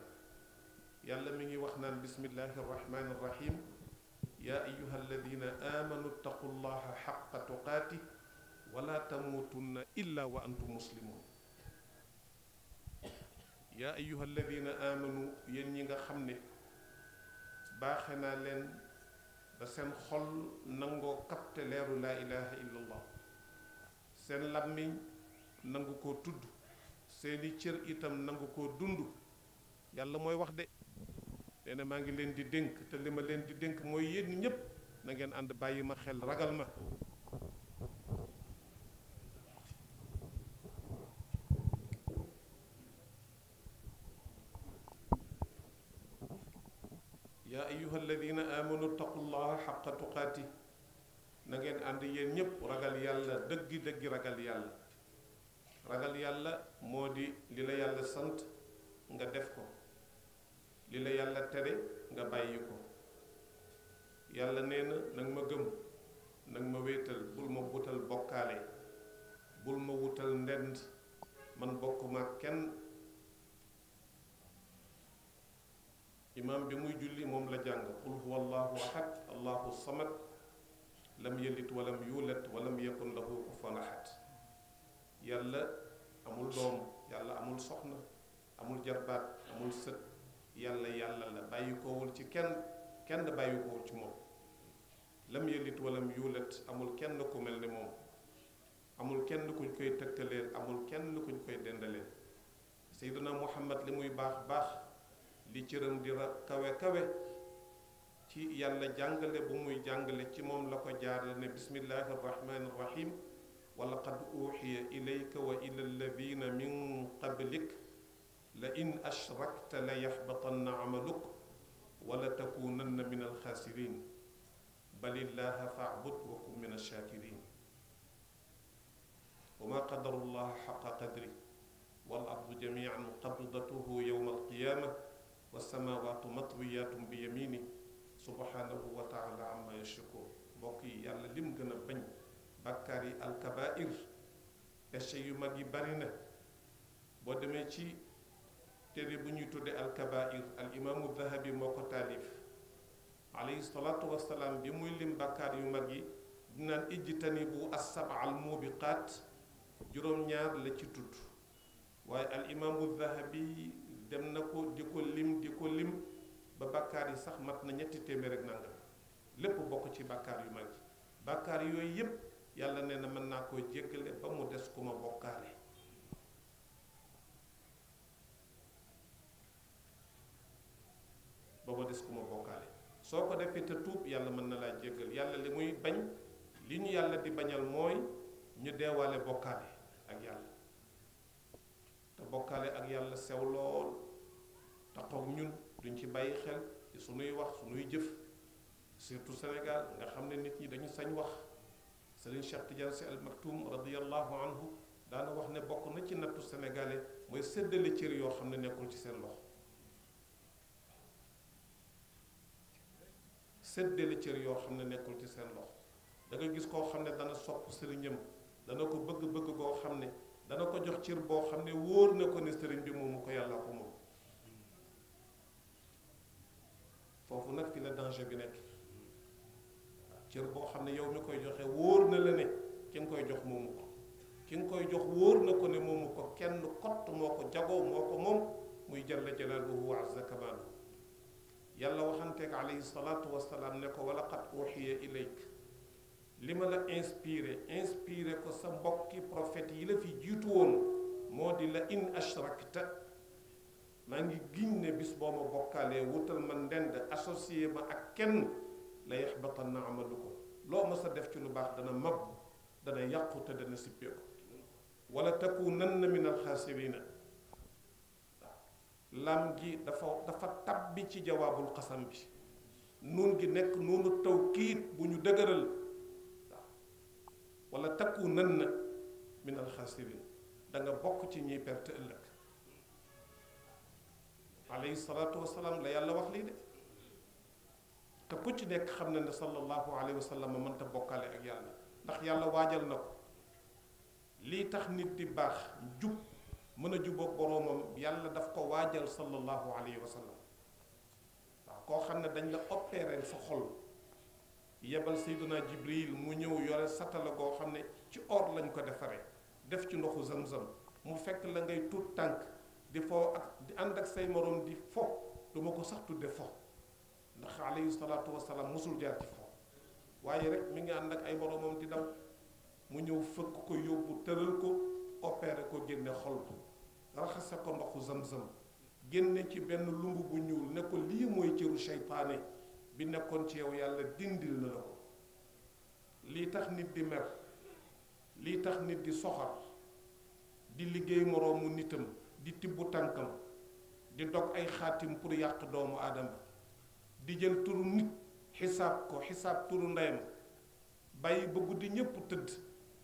yàlla mi ngi wax naan bismillahi arrahmani irrahim yaa ayuha alladina amanu ttaqu llaha xaqa tuqaati wala tamuutunna illa wa antum muslimun yaa ayuha alladina amanu yéen ñi nga xam ne baaxe naa leen ba seen xol nangoo kapte leeru laa ilaha illa allah seen làmmiñ nangu koo seeni cër itam nangu koo dund yàlla mooy wax de nee maa ngi leen di dénk te li ma leen di dénk mooy yéen ñépp na ànd bàyyi ma xel ragal ma yaa ayuha alladina amanu taqullaha xaqa tuqaati na ngeen ànd yéen ñépp ragal yàlla dëggi dëggi ragal yàlla ragal yàlla moo di li la yàlla sant nga def ko li la yàlla tere nga bàyyi ko yàlla nee na nanga ma gëm nanga ma wéetal bul ma wutal bokkaale bul ma wutal ndend man bokkuma kenn imaam bi muy julli moom la jàng qul huwa allahu ahad allahu samad lam yalid walam yuulad walam yakun lahu kufuwan ahad yàlla amul doom yàlla amul soxna amul jarbaat amul sët yàlla yàlla la bàyyikoowul ci kenn kenn bàyyikoowul ci moom lam yëlit walam yuulat amul kenn ku mel ni moom amul kenn kuñ koy tëkkaleel amul kenn ku kuñ koy dendaleel seyduna muhammad li muy baax baax li cëram di kawe kawe ci yàlla jàngale bu muy jàngale ci moom la ko jaarale ne bismillahi rahmaani rahim ولقد أوحي إليك وإلى الذين من قبلك لئن أشركت ليحبطن عملك ولتكونن من الخاسرين بل الله فاعبد وكن من الشاكرين وما قدر الله حق قدره والأرض جميعا قبضته يوم القيامة والسماوات مطويات بيمينه سبحانه وتعالى عما يشركون بقي يالا لم gëna bañ bàkkaar yi alkabair péché yu mag yi bari na boo demee ci téere bu ñuy tudde alkabair al imaamu dahabi moo ko taalif alayhi salaatu wasalaam bi muy lim bàkkaar yu mag yi dinaan ijtanibu bu saba al-mubiqaat juróom-ñaar la ci tudd waaye al imaamu dahabi dem na ko di ko lim di ko lim ba bàkkaar yi sax mat na ñetti téeméer ak nangam lépp bokk ci bàkkaar yu mag yi bàkkaar yooyu yépp yàlla nee na mën naa koo jéggale ba mu des ku ma bokkaale ba mu des ku ma bokkaale soo ko defee te tuub yàlla mën na laa jéggal yàlla li muy bañ li ñu yàlla di bañal mooy ñu deewaale bokkaale ak yàlla te bokkaale ak yàlla sew lool taxoog ñun duñ ci bàyyi xel ci sunuy wax sunuy jëf surtout senegal nga xam ne nit ñi dañu sañ wax Serigne Cheikh Tidiane Sy Al Maktoum radiyallahu anhu daana wax ne bokk na ci nattu sénégalais mooy séddale cër yoo xam ne nekkul ci seen loxo séddale cër yoo xam ne nekkul ci seen loxo da nga gis koo xam ne dana sopp sëriñam dana ko bëgg-bëgg koo xam ne dana ko jox cër boo xam ne wóor na ko ne sëriñ bi moomu ko yàlla ko moom foofu nag fi la danger bi nekk cër boo xam ne yow mi koy joxe wóor na la ne ki nga koy jox moomu ko ki nga koy jox wóor na ko ne moomu ko kenn kott moo ko jagoo moo ko moom muy jalla jalaaluhu wa azza kamaaluhu yàlla waxanteeg alayhi salaatu wasalaam ne ko wala qad uxiya ilayk li ma la inspiré inspiré ko sa mbokki prophète yi la fi jiitu woon moo di la in ashrakta maa ngi giñ ne bis boo ma bokkaalee wutal ma ndend associé ma ak kenn la yaxbatan na amalukum loo mës a def ci lu baax dana mab dana yàqu te dana sippeeku wala takunanna min alxaasirina lam gi dafa dafa tabbi ci jawaabul xasam bi nuun gi nekk nuunu tawkiit bu ñu dëgëral waaw wala takunanna min alxaasirin da nga bokk ci ñiy perte ëllëg alayhi salaatu wasalaam la yàlla wax lii de te ku ci nekk xam na ne sallallahu alayhi wa sallam mënta bokkale ak yàlla ndax yàlla waajal na ko lii tax nit di baax jub mën a jubóog boroomam yàlla daf ko waajal sallallahu alayhi wa sallam waaw koo xam ne dañ la opéré sa xol yebal sayduna jibril mu ñëw yore satala goo xam ne ci or lañ ko defaree def ci ndoxu zam-zam mu fekk la ngay tuut tànk di foo ak di ànd ak say moroom di fo du ma ko sax tudde fo ndax alayhi salaatu wasalaam mosul jaar ci fo waaye rek mi ngi ànd ay boromam di daw mu ñëw fëkk ko yóbbu tëral ko opéré ko génne xol bi raxase ko ndoxu zam-zam génne ci benn lumb bu ñuul ne ko lii mooy cëru seytaane bi nekkoon ci yow yàlla dindil na la ko lii tax nit di mer lii tax nit di soxar di liggéey moroomu nitam di tibb tànkam di dog ay xaatim pour yàq doomu aadama di jël turu nit hisab ko hisab turu ndayam bay ba guddi ñépp tëdd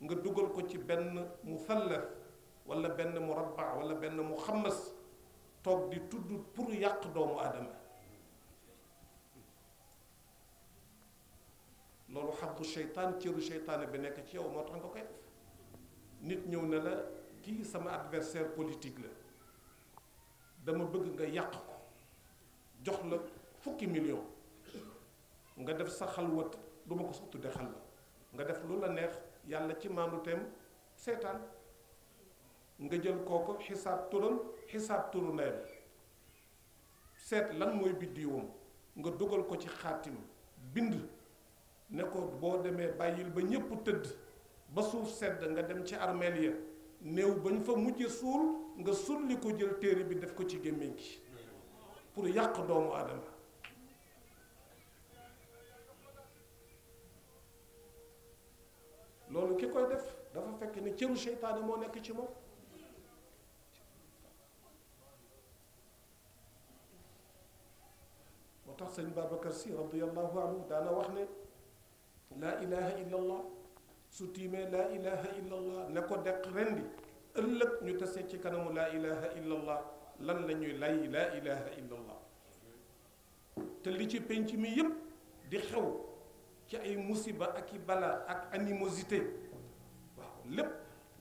nga dugal ko ci benn musallas wala benn murabba wala benn muxammas toog di tudd pour yàq doomu aadama loolu xabdu seytaan cëru seytaane bi nekk ci yow moo tax nga koy def nit ñëw na la kii sama adversaire politique la dama bëgg nga yàq ko jox la fukki million nga def sa xalwat du ma ko sax tudde xalwa nga def lu la neex yàlla ci maandu teem seetaan nga jël kooku xisaab turam xisaab turu ndeyam seet lan mooy biddiwam nga dugal ko ci xaatim bind ne ko boo demee bàyyil ba ñépp tëdd ba suuf sedd nga dem ci armeel ya néew bañ fa mujj suul nga sulli ko jël téere bi def ko ci gémmiñ gi pour yàq doomu aadama loolu ki koy def dafa fekk ne cëru seytaane moo nekk ci moom moo tax sëñ Babacar si radiallahu anhu daana wax ne laa ilaha illa allah su tiimee laa ilaha illa allah ne ko deq rendi ëllëg ñu tase ci kanamu laa ilaha illa allah lan la ñuy lay laa ilaha illa allah te li ci penc mi yépp di xew ci ay musiba ak i balaa ak animosité waaw lépp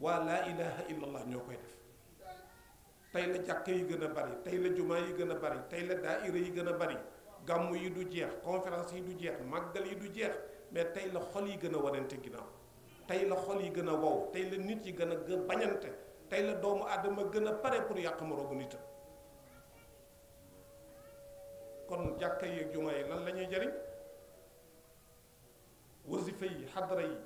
waa laa ilaha illallah ñoo koy def tey la jàkka yi gën a bari tey la jumaa yi gën a bari tey la daa daaira yi gën a bari gàmm yi du jeex conférence yi du jeex màggal yi du jeex mais tey la xol yi gën a wanante ginnaaw tey la xol yi gën a wow tey la nit yi gën a bañante tey la doomu aadama gën a pare pour yàq moroomu nitam kon jàkka yi ak jumaa yi lan la ñuy jariñ wasifa yi xadra yi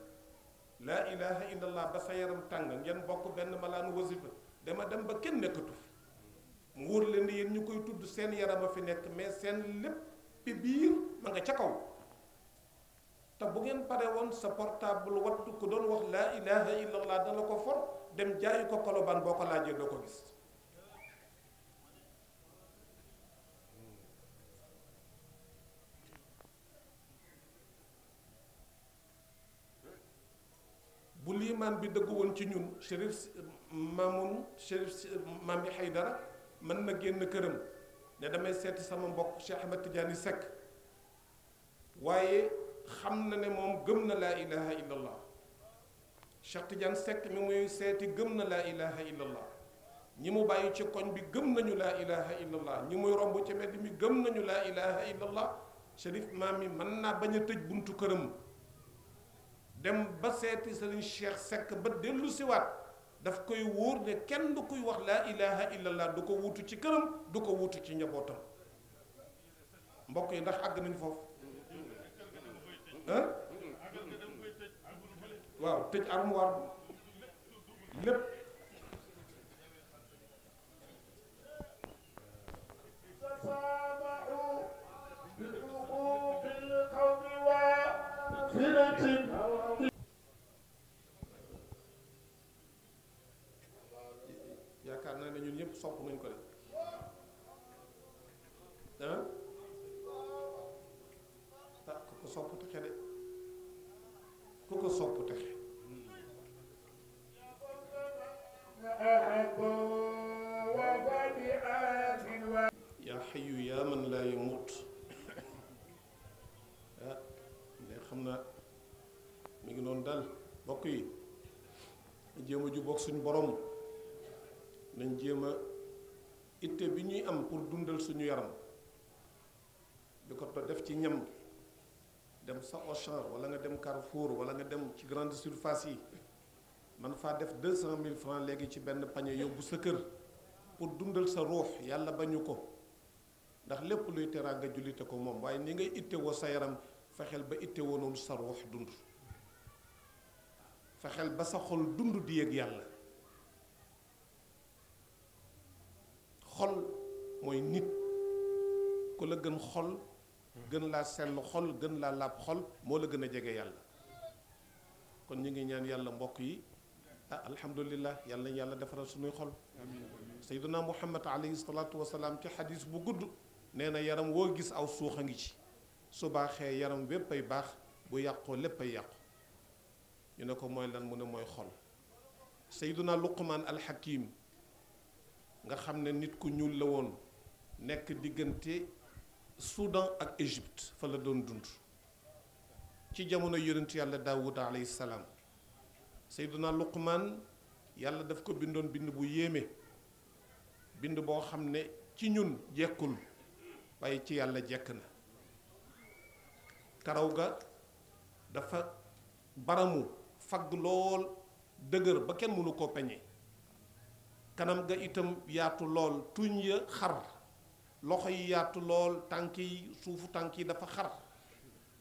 laa ilaha illallah ba sa yaram tàng ngeen bokk benn malaanu wasifa dama dem ba kenn nekkatu fi mu wóor leen ni yéen ñu koy tudd seen yaram a fi nekk mais seen lépp biir ma nga ca kaw te bu ngeen pare woon sa portable wattu ku doon wax laa ilaha illallah dana ko for dem jaayu ko kolobaan boo ko laajee doo ko gis lii liimaan bi dëgg woon ci ñun shérif Mamoun shérif Mami dara mën na génn këram ne damay seeti sama mbokk Cheikh Ahmed Tidiane waaye xam na ne moom gëm na laa ilaha illallah Cheikh Tidiane Seck mi muy seeti gëm na laa ilaha illallah ñi mu bàyyi ci koñ bi gëm nañu laa ilaha illallah ñi muy romb ci mbedd mi gëm nañu laa ilaha illallah shérif Mami mën naa bañ a tëj buntu këram. dem ba seeti sëriñ Cheikh Seck ba dellu siwaat daf koy wóor ne kenn du koy wax laa ilaha illallah du ko wutu ci këram du ko wutu ci njabootam mbokk yi ndax àgg nañ foofu waaw tëj armoire bi lépp sopp nañ ko de ah ah ku ko sopp texe de yaa xayu yaa man laa yamut (coughs) ah léegi xam naa mu ngi noonu dal mbokk yi jéem a jubóog suñu borom nañ jéem itte bi ñuy am pour dundal suñu yaram di ko def ci ñam dem sa Auchan wala nga dem Carrefour wala nga dem ci grande surface yi man faa def deux cent mille francs léegi ci benn pañe yóbbu sa kër pour dundal sa ruux yàlla bañu ko ndax lépp luy teraanga jullite ko moom waaye ni ngay itte woo sa yaram fexeel ba itte woo noonu sa ruux dund fexeel ba sa xol dund di yëg yàlla xol mooy nit ku la gën xol gën laa sell xol gën laa laab xol moo la gën a jege yàlla kon ñu ngi ñaan yàlla mbokk yi ah alhamdulilah yàlla nañ yàlla defaral suñuy xol sayyiduna muhammad alayhi salaatu wasalaam ci xadis bu gudd nee na yaram woo gis aw suux a ngi ci su baaxee yaram béppay ay baax bu yàqoo léppay ay yàqu ñu ne ko mooy lan mu ne mooy xol sayyiduna luqman alxakim nga xam ne nit ku ñuul la woon nekk diggante Soudan ak Égypte fa la doon dund ci jamono yonent yàlla Daawud alayhi salaam Seydina Luqman yàlla daf ko bindoon bind bu yéeme bind boo xam ne ci ñun jekkul waaye ci yàlla jekk na karaw ga dafa baramu fagg lool dëgër ba kenn mënu ko peñe kanam ga itam yaatu lool tuñ ya xar loxo yi yaatu lool tànki yi suufu tànki yi dafa xar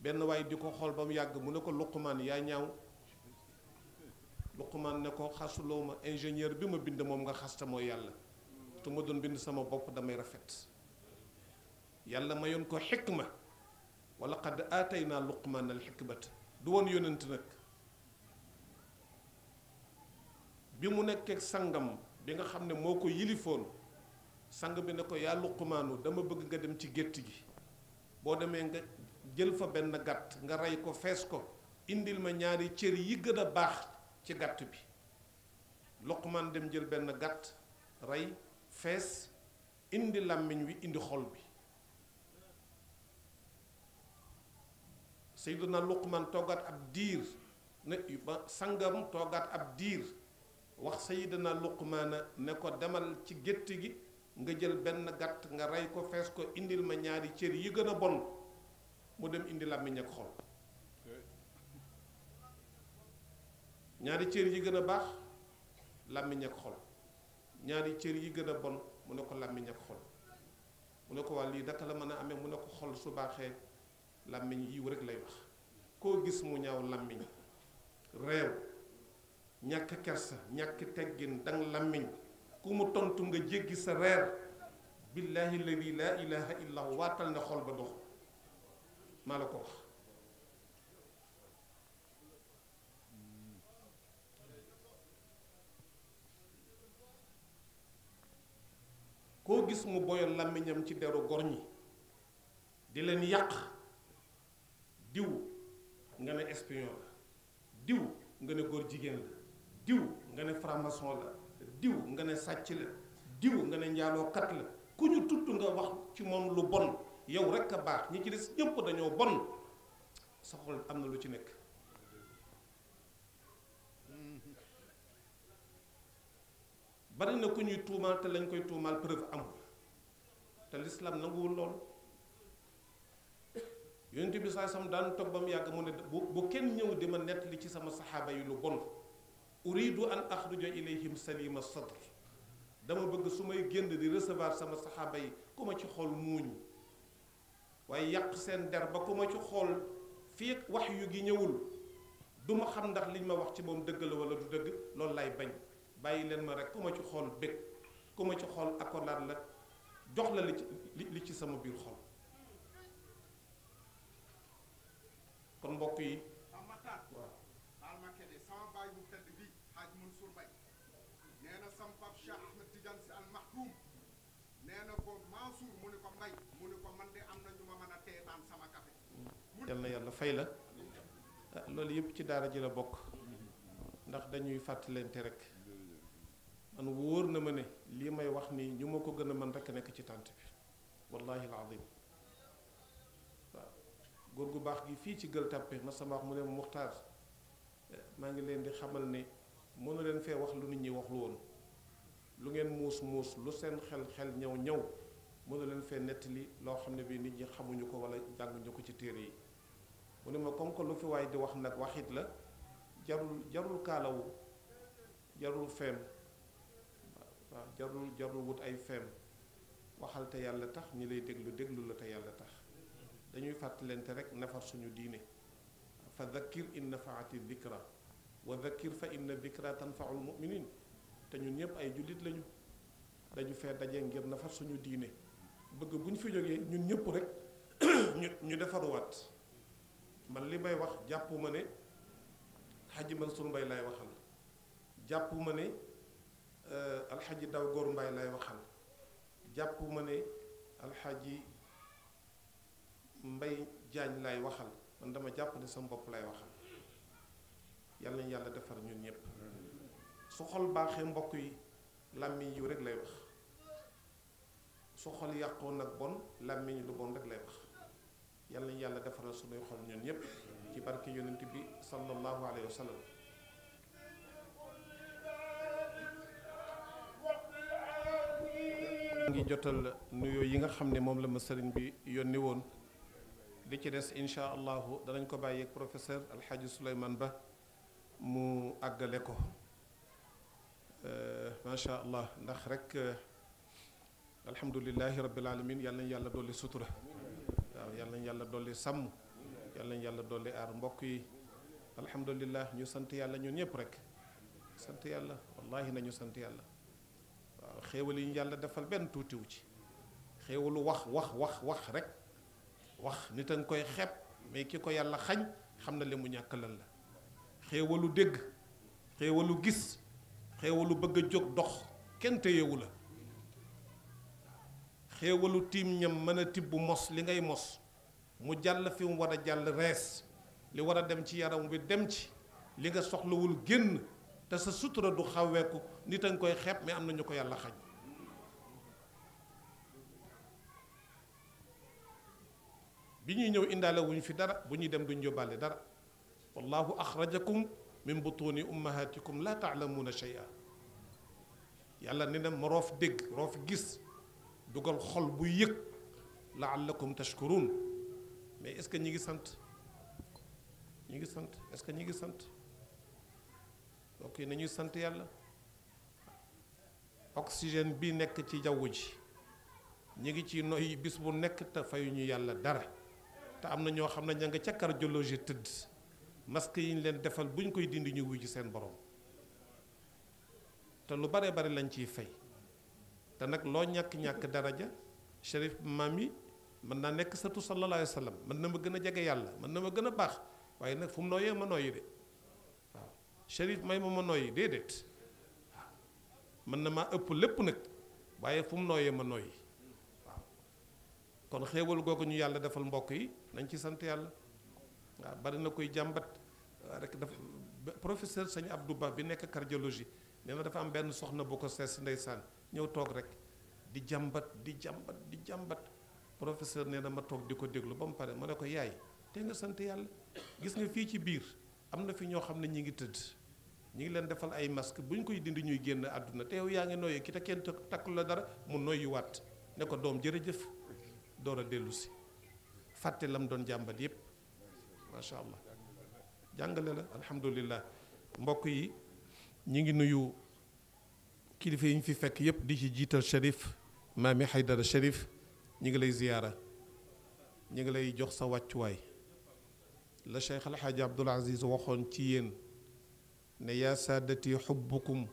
benn waaye di ko xool ba mu yàgg mu ne ko luqumaan yaa ñaaw luqumaan ne ko xasuloo ma ingénieur bi ma bind moom nga xasta mooy yàlla tu ma doon bind sama bopp damay rafet yàlla mayoon ko xikma wala qad aataynaa luqmaan al xikmata du woon yonent nag bi mu nekkee sangam bi nga xam ne moo ko yilifoon sang bi ne ko yaa luqumaanu dama bëgg nga dem ci gétt gi boo demee nga jël fa benn gàtt nga rey ko fees ko indil ma ñaari cër yi gën a baax ci gàtt bi luqumaan dem jël benn gàtt rey fees indi làmmiñ wi indi xol bi Seydina Luqman toogaat ab diir ne ba sangam toogaat ab diir wax sayidana luqmaana ne ko demal ci gétt gi nga jël benn gàtt nga rey ko fees ko indil ma ñaari cër yi gën a bon mu dem indi làmmiñ ak xol ñaari cër yi gën a baax làmmiñ xol ñaari cër yi gën a bon mu ne ko làmmiñ ak xol mu ne ko waa lii naka la mën a amee mu ne ko xol su baaxee làmmiñ yiw rek lay wax koo gis mu ñaw làmmiñ réew ñàkk kersa ñàkk teggin dang làmmiñ ku mu tontu nga jéggi sa reer billaahi alladi laa ilaha illa waatal na xol ba dox maa la ko wax koo gis mu boyal làmmiñam ci deru gor ñi di leen yàq diw nga ne espion diw nga ne góor jigéen la diw nga ne franc la diw nga ne sàcc la diw nga ne njaalookat la ku ñu tudd nga wax ci moom lu bon yow rek a baax ñi ci des ñëpp dañoo bon sa am na lu ci nekk bari na ku ñuy tuumaal te lañ koy tuumaal preuve amul te l'islam nanguwul lool yonent bi saa sam daan toog ba yàgg mu ne bu bu kenn ñëw di ma nettali ci sama saxaaba yi lu bon uridu an axruja ilayhim salima sadr dama bëgg su may génn di recevoir sama saxaaba yi ku ma ci xool muuñu waaye yàq seen der ba ku ma ci xool fii wax yu gi ñëwul du ma xam ndax liñ ma wax ci moom dëgg la wala du dëgg loolu laay bañ bàyyi leen ma rekk ku ma ci xool bëgg ku ma ci xool accolade la jox la ci li ci sama biir xol kon mbokk yi yal na yàlla fay la loolu yëpp ci daara ji la bokk ndax dañuy fàttalente rek man wóor na ma ne lii may wax nii ñu ma ko gën a mën rek nekk ci tànt bi wallahi alazim waaw góor gu baax gi fii ci gël tàppe ma sama wax mu ne muxtaar maa ngi leen di xamal ne mënu leen fee wax lu nit ñi waxlu woon lu ngeen muus muus lu seen xel xel ñëw ñëw mënu leen fee nettali loo xam ne bi nit ñi xamuñu ko wala jànguñu ko ci téere yi mu ne ma comme que lu fi waay di wax nag waxit la jarul jarul kaalawu jarul feem waaw jarul jarul wut ay feem waxal te yàlla tax ñi lay déglu déglu la te yàlla tax dañuy fàttalente rek nafar suñu diine fa dhakkir in nafaati dhikra wa dhakkir fa inna dhikra tanfaul muminin te ñun ñëpp ay jullit lañu dañu fee daje ngir nafar suñu diine bëgg bu ñu fi jógee ñun ñëpp rek ñu ñu defaruwaat man li may wax jàpp ma ne Xaji Mansour Mbaye laay waxal ma ne euh, alxaji Daw Góor Mbaye laay waxal ma ne alxaji Mbay Jaañ laay waxal man dama jàpp ne sa bopp laay waxal yàlla nañu yàlla defar ñun ñëpp su xol baaxee mbokk yi làmmiñ yu rek lay wax su xol yàqoo nag bon làmmiñ lu bon rek lay wax yàlla nañu دفر رسول الله خلنا نجيب ñëpp ci barke yonent bi sallallahu alayhi wa ngi jotal nuyo yi nga xamne mom la ma serigne bi yónni won li ci des incha allahu danañ ko baye ak professeur al hadji sulayman Ba mu agale ko euh ma sha allah ndax rek alhamdullilah rabbil alamin yàlla nañu yàlla dolli sutura waaw yàlla nañu yàlla dolli sàmm yàlla nañu yàlla dolli aar mbokk yi alhamdulilah ñu sant yàlla ñun ñëpp rek sant yàlla wallahi nañu sant yàlla waaw xéewal yi ñu yàlla defal benn tuutiwu ci xéewalu wax wax wax wax rekk wax nit a nga koy xeeb mais ki ko yàlla xañ xam na li mu ñàkk lan la xéewalu dégg xéewalu gis xéewalu bëgg a jóg dox kenn téyewu la xéewalu tiim ñam mën a tibb mos li ngay mos mu jàll fi mu war a jàll rees li war a dem ci yaram bi dem ci li nga soxlawul génn te sa sutura du xaweeku nit a nga koy xeeb mais am na ñu ko yàlla xañ bi ñuy ñëw indaale wuñ fi dara bu ñuy dem duñ yóbbaale dara wallahu axrajakum min butuni ummahatikum la taalamuuna shay'a yàlla ne na ma roof dégg roof gis dugal xol bu yëg laallakum tashkurun mais est-ce que ñi ngi sant ñi ngi sant est-ce que ñi ngi sant donc nañuy sant yàlla oxygène bi nekk ci jaww ji ñi ngi ci noyyi bis bu nekk te fayuñu yàlla dara te am na ñoo xam ne ña nga ca cardiologie tëdd masque yi ñu leen defal bu ñu koy dindi ñu wuy ji seen borom te lu bare bari lañ ciy fay te nag loo ñàkk-ñàkk daraja Chérif Mami mën naa nekk sa sallallahu alayhi wa sallam mën na ma gën a jege yàlla mën na ma gën a baax waaye nag fu mu nooyee ma nooyi de waaw Chérif may ma ma nooyi déedéet waaw mën na maa ëpp lépp nag waaye fu mu nooyee ma nooyi waaw kon xéewal googu ñu yàlla defal mbokk yi nañ ci sant yàlla waaw bari na koy jàmbat rek dafa professeur sëñ Abdou Ba bi nekk cardiologie nee na dafa am benn soxna bu ko sees ndeysaan ñëw toog rek di jàmbat di jàmbat di jàmbat professeur nee na ma toog di ko déglu ba mu pare ma ne ko yaay te nga sant yàlla gis nga fii ci biir am na fi ñoo xam ne ñi ngi tëdd ñi ngi leen defal ay masque bu ñu koy dindi ñuy génn àdduna te yow yaa ngi noyyi ki te kenn takku la dara mu noyyu wat ne ko doom jërëjëf door a dellusi si fàtte lam doon jàmbat yépp macha allah jàngale la alhamdulilah mbokk yi ñu ngi nuyu kilifa yi ñu fi fekk yëpp di ci jiital Cherif Mami Haydara Cherif ñu ngi lay ziyaara ñu ngi lay jox sa wàccuwaay la Cheikh El Hadj Abdoul Aziz waxoon ci yéen ne yaa saadati xubbukum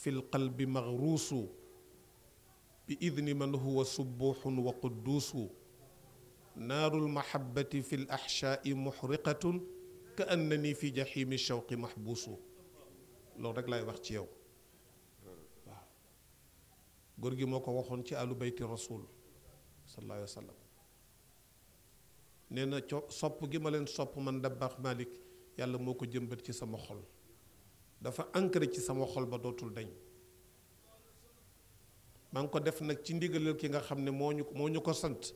fi lqalbi magruusu bi idni man huwa subuuxun wa qudduusu naaru lmahabati fi laxshaai muxriqatun ka annani fi jaxiimi shawqi maxbuusu loolu rek laay wax ci yow góor gi moo ko waxoon ci alu bayti rasul sallallahu alayhi wasallam neena sopp gi ma leen sopp man dabbaax malik yàlla moo ko jëmbat ci sama xol dafa ancré ci sama xol ba dootul dañ maa ngi ko def nag ci ndigalal ki nga xam ne moo ñu moo ñu ko sant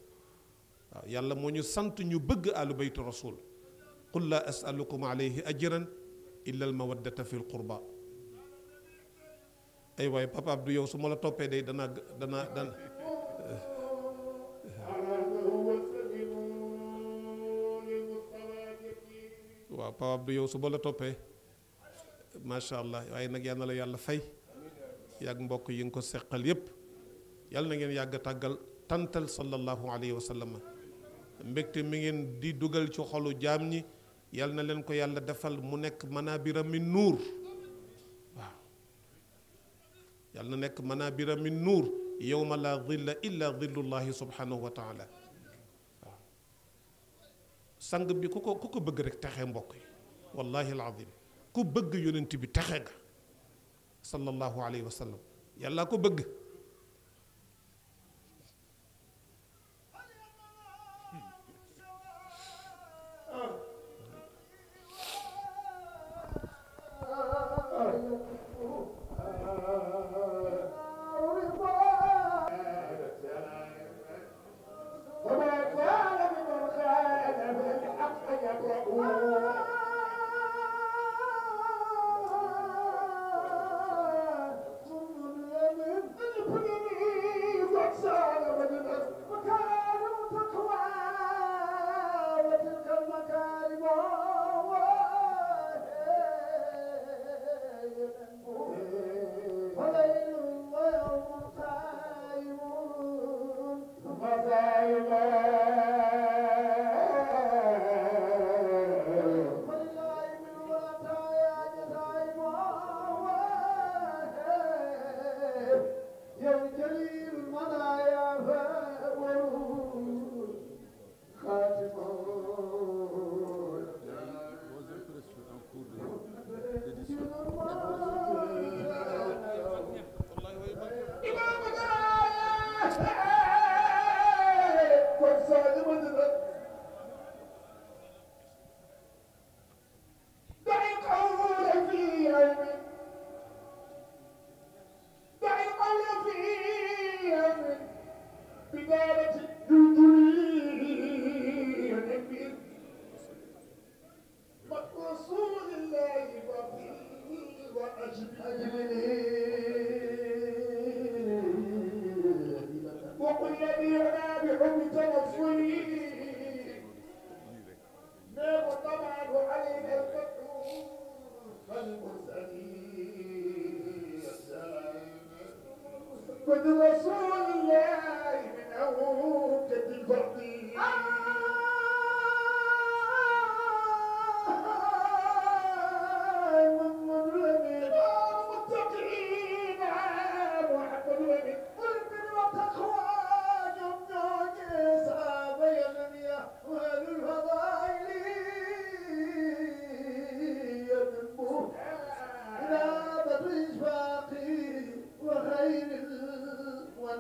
waaw yàlla moo ñu sant ñu bëgg alu bayti rasul qul la asalukum alayhi ajran illa al mawaddata fi l ay waay papa Abdou yow su ma la toppee day danaa danaa dana waaw papa Abdou yow su ma la toppee macha allah waaye nag yal na la yàlla fay yàgg mbokk yi nga ko seqal yépp yàlla na ngeen yàgg tàggal tantal sallallahu alayhi wa sallam mi ngeen di dugal ci xolu jaam ñi yàlla na leen ko yàlla defal mu nekk manaabiram mi nuur يالنا نك منابر من نور يوم لا ظل الا ظل الله سبحانه وتعالى سانغ بي كوكو كوكو بغ رك تخي مبوكي والله العظيم كو بغ يونتي بي تخيغا صلى الله عليه وسلم يالا كو بغ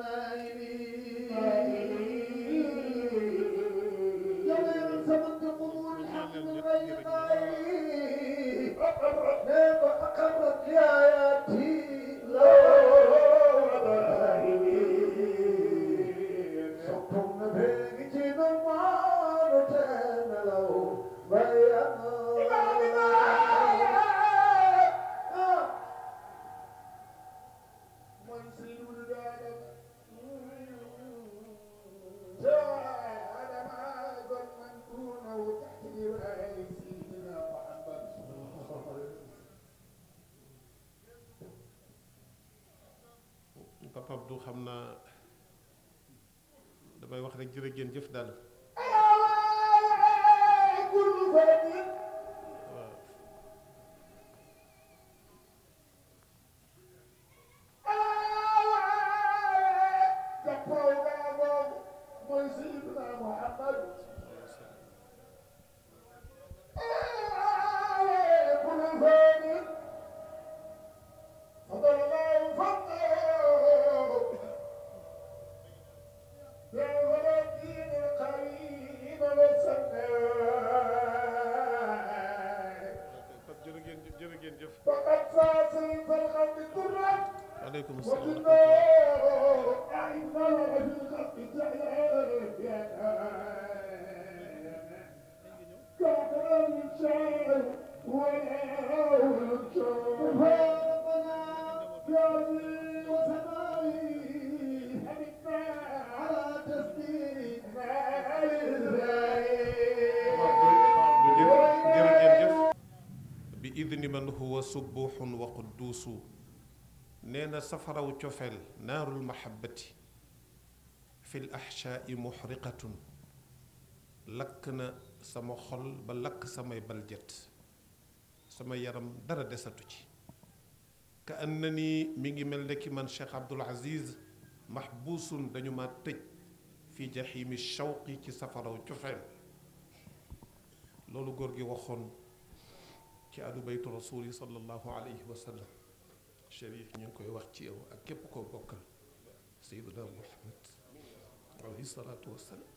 Hallelujah. yuusu nee na safaraw cofeel naarul mahabbati fi l axshaai muxriqatun lakk na sama xol ba lakk samay baljet sama yaram dara desatu ci ka an na ni mi ngi mel ne ki man Cheikh Abdoul Aziz maxbuusun dañu ma tëj fi jaxiimi shawqi ci safaraw cofeel loolu góor gi waxoon ci adu baytu rasuli sallallahu alayhi wa sallam Chérif ñu ngi koy wax ci yow ak képp koo bokkal Seydina Muhammad alayhi salaatu wassalaam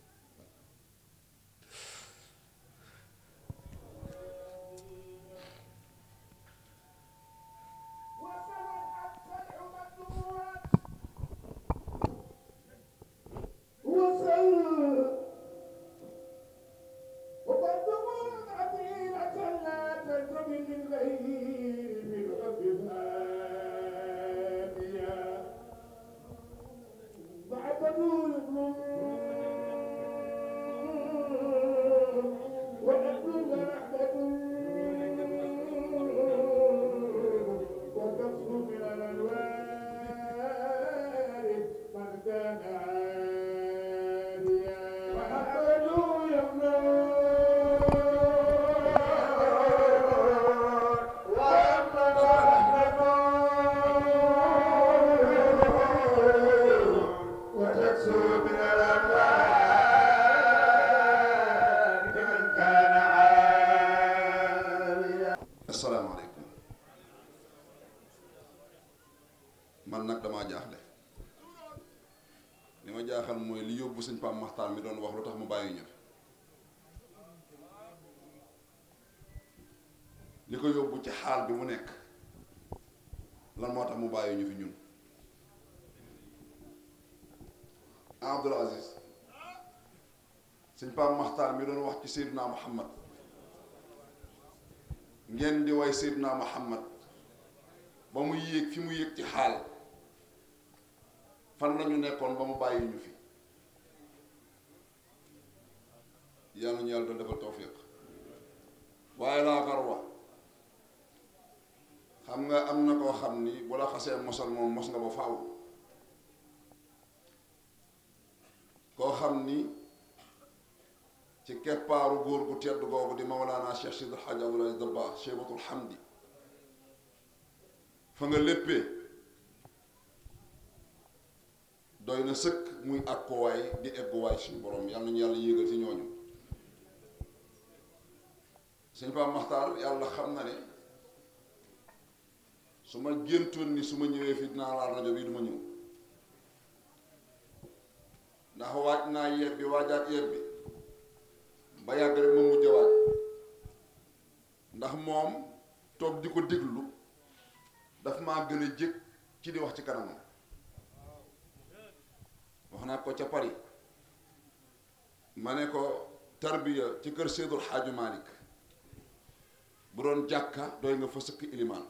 sëñ Pape Makhtar mi doon wax lu tax mu bàyyi ñu li ko yóbbu ci xaal bi mu nekk lan moo tax mu bàyyi ñu fi ñun Abdoul Aziz sëñ Pape Makhtar mi doon wax ci Seydina Muhammad ngeen di way Seydina Muhammad ba mu yéeg fi mu yéeg ci xaal fan lañu nekkoon ba mu bàyyi ñu fi yalla ñu yalla dafa defal tawfiq waaye laa garwa xam nga am na ko xam ni bu la xasse mosal mom mos nga ba faaw ko xam ni ci keppaaru goor gu tedd googu di maulana cheikh sidul xaj abdoulaye dabba cheibatul hamdi fa nga leppé doyna seuk muy akko way di way suñu borom yalla ñu yalla yéegal ci ñooñu sëñ Pape Makhtar ya Allah na ne suma ma ni suma ma ñëwee fii dinaa laal rajo bi du ñëw ndax waaj naa yeeb bi waajaat yeeb bi ba yàgg rek mom mujj ndax di ko déglu daf maa gën a jëkk ci di wax ci ko Paris ko tarbiya ci kër Seydul Malik bu jakka jàkka doy nga fa sëkk ilimaan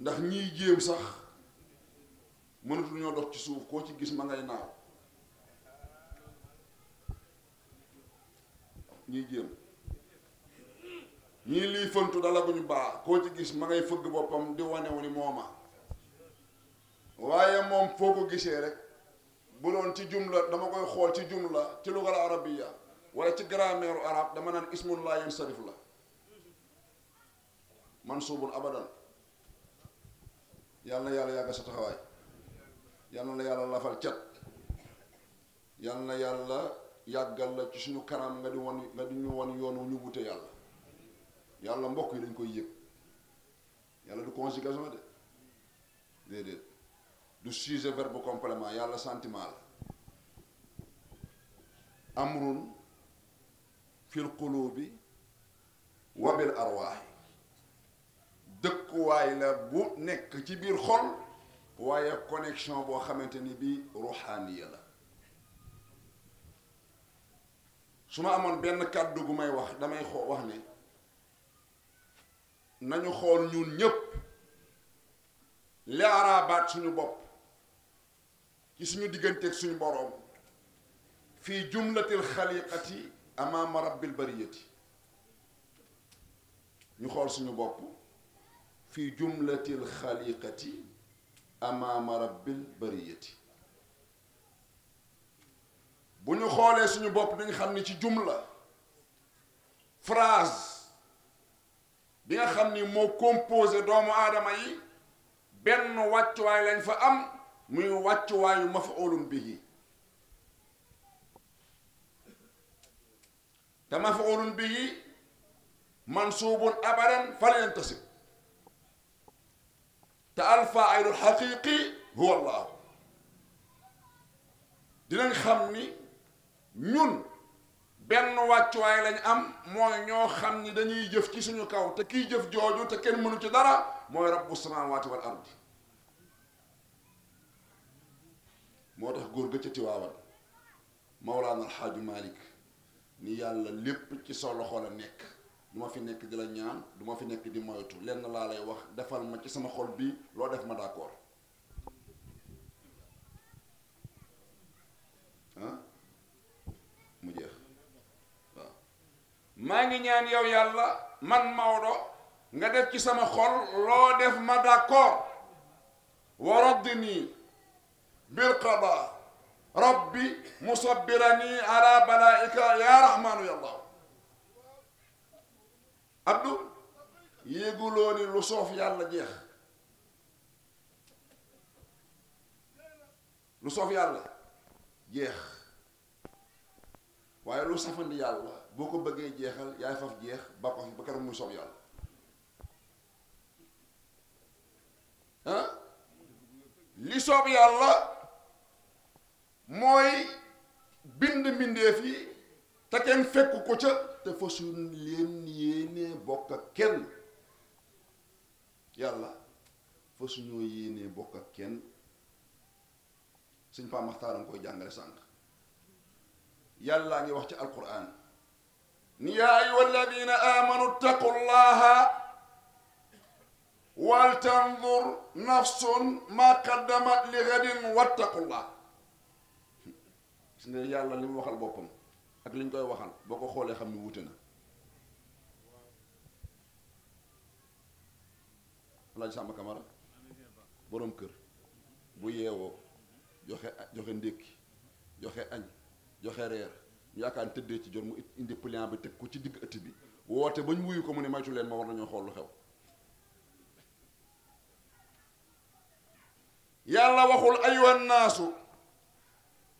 ndax ñi jëm sax mënatu ñoo dox ci suuf ko ci gis ma ngay naaw ñi jëm ñi li fëntu dala bu ñu baax ci gis ma ngay fëgg boppam di ni moma waye mom foko gisé rek bu ci jumla dama koy xol ci jumla ci lugal arabiya wala ci grammaire u arab dama naan ismun laa yansarif la mansuubun abadan yàlla na yàlla yàgg sa taxawaay yàlla na yàlla lafal cat yàlla na yàlla yàggal la ci suñu kanam nga di won nga di ñu won yoon wu ñu wute yàlla yàlla mbokk yi dañ koy yëg yàlla du conjugation de déedéet du sujet verbe complément yàlla sentiment la amrun في القلوب وبالأرواح dëkkuwaay la bu nekk ci biir xol waaye connexion boo xamante ni bii ruxaaniya la su ma amoon benn kàddu gu may wax damay xoo wax ne nañu xool ñun ñépp li araabaat suñu bopp ci suñu digganteeg suñu boroom fii jumlatil xaliqati امام رب البريه ني خول سونو في جمله الخليقه امام رب البريه بو ني خول سونو بوب ني خامني سي جمله فراز بيغا خامني مو كومبوزي دومو ادمي بن واتواي لاني فا ام مي واتواي مفعول به فمفعول به منصوب أبدا فلينتصب تالفاعل الحقيقي هو الله دينا خامني نون بن واتش واي لا ام موي ньо خامني داني جيف كي سونو كاو تا كي جيف جوجو تا كين مونو تي دارا موي رب السماوات والارض موتاخ غور گتي تي واوال مولانا الحاج مالك ni yàlla lépp ci sa loxo la nekk du ma fi nekk di la ñaan du ma fi nekk di moytu lenn laa lay wax defal ma ci sama xol bi loo def ma d'accord ah mu jeex waaw maa ngi ñaan yow yàlla man Maodo nga def ci sama xol loo def ma d'accord waraddi bil qada rabbi musabbirani ala balaika ya rahmanu yallahu abdu yéeguloo ni lu soof yàlla jeex lu soof yàlla jeex waaye lu safandi yàlla boo ko bëggee jeexal yaay faf jeex ba ko ba keroog muy soof yàlla li soob yàlla mooy bind mbindeef yi te kenn fekku ko ca te fasul leen yéenee bokk ak kenn yàlla fasuñoo yéenee bokk ak kenn suñ Pape Makhtar nga koy jàngale sànq yàllaa ngi wax ci alquran ni yaa ayuha alladina amanu ttaqu llaha wal tandur ma qaddamat li gadin wattaqu gis nga yàlla li mu waxal boppam ak li ñu koy waxal boo ko xoolee xam ni wuute na alaaj Samba Camara boroom kër bu yeewoo joxe joxe ndékki joxe añ joxe reer ñu yaakaar tëddee ci jot mu indi pliant bi teg ko ci digg ëtt bi woote ba ñu wuyu ko mu ne maytu leen ma war nañoo xool xew yàlla waxul ayuha naasu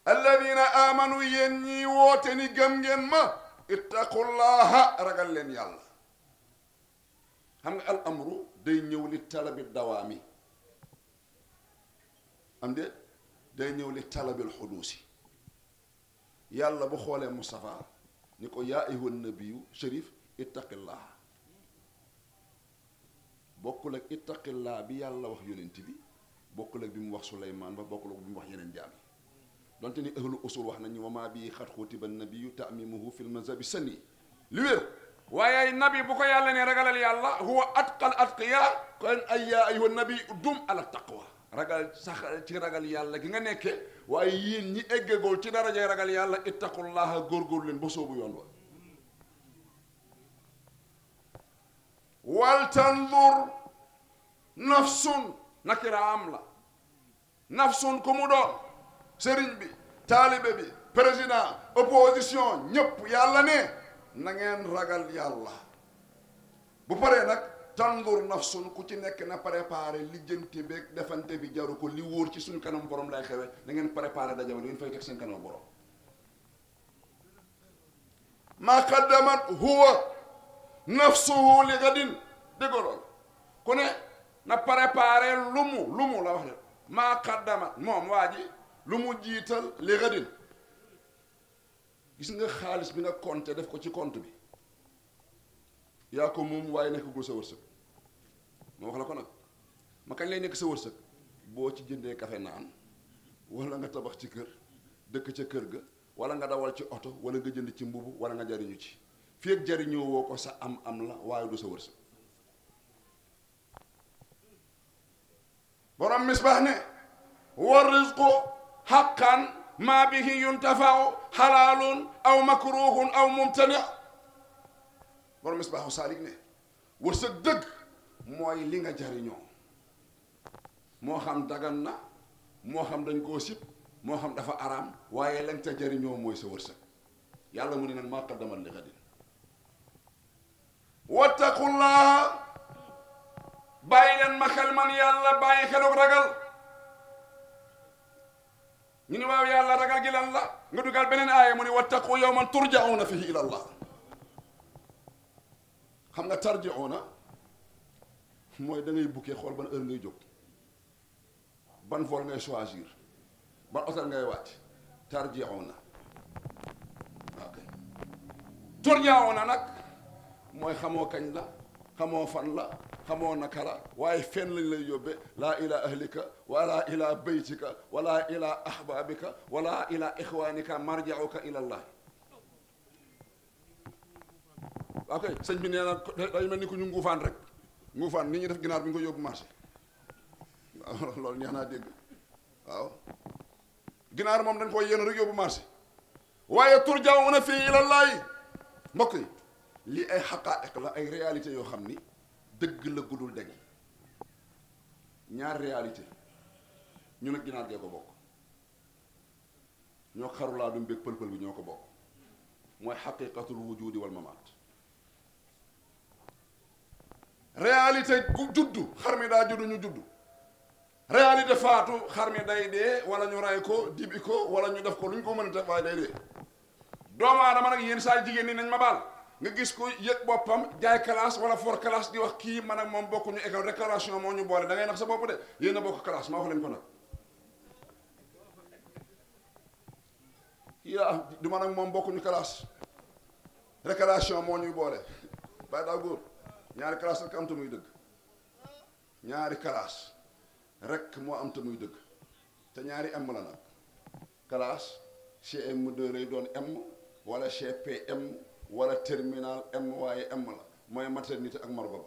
الذين آمنوا يني ووتني جمجن ما اتقوا الله رجل لن يلا هم الأمر دين يولي الدوامي أم دي دين يولي الطلب الحدوثي يلا بخول مصطفى نكو يا أيها النبي شريف اتق الله بقول اتق الله بي يلا وخ يونتي بي بقول بيم وخ سليمان بقول لك بيم وخ ينن جامي donte ni ahlu usul wax nañu wama bi xat xutiba nabiyu ta'mimuhu fil mazhabi sani li wér waaye nabi bu ko yàlla ne ragalal yàlla huwa atqal atqiya kon ay yaa ayuha nabi dum ala taqwa ragal sax ci ragal yàlla gi nga nekke waaye yéen ñi eggegool ci darajay ragal yàlla ittaqullaha góorgóor leen ba soobu yoon wa wal tandur nafsun nakira am la nafsun ku mu doon sëriñ bi taalibe bi président opposition ñëpp yàlla ne na ngeen ragal yàlla bu paree nag tandur nafsun ku ci nekk na préparé lijjanti beeg defante bi jaru ko li wóor ci suñ kanamu borom lay xewe na ngeen préparé dajaw li ngeen fay teg seen kanam borom maa qaddamat huwa nafsuhu li gadin dégg lool ku ne na préparé lumu lumu la wax de maa moom waa ji lu mu jiital li radin gis nga xaalis bi nga compté def ko ci compte bi yaa ko moom waaye nekkagul sa wërsëg moo wax la ko nag ma kañ lay nekk sa wërsëg boo ci jëndee kafe naan wala nga tabax ci kër dëkk ca kër ga wala nga dawal ci oto wala nga jënd ci mbubu wala nga jariñu ci fii ak jariñoo woo ko sa am am la waaye du sa wërsëg borom misbaax ne war risqu حقا ما به ينتفع حلال او مكروه او ممتنع برم مصباح صالح نه ورس دغ موي ليغا جارينو مو خام دغان نا مو خام دنج كو سيب مو خام دافا ارام وايي لنج تا جارينو موي سو ورس يالا موني نان ما قدم لغد واتقوا الله باين مخل يالا باين خلو رجل ñu ni waaw yàlla ragal gi lan la nga dugal beneen aaya mu ne wattaqu yawman turjauna fihi ila allah xam nga tarjiuna mooy da ngay bukkee xool ban heure ngay jóg ban vol ngay choisir ban hôtel ngay wàcc tarjiuna ok turjauna nag mooy xamoo kañ la xamoo fan la xamoo naka la waaye fenn lañ lay yóbbe laa ilaa ahlika wala ilaa baytika wala ilaa ahbabika wala ilaa ixwanika marjauka ila allah waaw kay sëñ bi nee na day mel ni ku ñu nguufaan rek nguufaan nit ñi def ginaar bi ñu ko yóbbu marché waaw (laughs) moom dañ koy yéen marché waaye turjawuna fii ilallaahi mbokk yi lii ay xaqaa'iq la ay réalité yoo xam ni dëgg la gudul dañ ñaar réalité ñu nag ginaar gee ko bokk ñoo xarulaa du mbég pël-pël bi ñoo ko bokk mooy xaqiqatul wujudi wal mamaat réalité ku judd xar mi daa judd ñu judd réalité faatu xar mi day dee wala ñu ray ko dibi ko wala ñu def ko lu ñu ko mën a def waaye day dee doomu aadama nag yenn saa jigéen ni nañ ma baal nga gis ko yëg boppam jaay classe wala for classe di wax kii man ak moom bokkuñu école récréation moo ñu boole da ngay nax sa bopp de yéen a bokk classe ma wax leen ko nag. yaa du man moom bokkuñu classe récréation moo ñuy boole bàyyi daa góor ñaari classe rek am te muy dëgg ñaari classe rek moo am te muy dëgg te ñaari M la nag classe CM2 lay doon M wala CPM. wala terminal M waaye M la mooy maternité ak morgue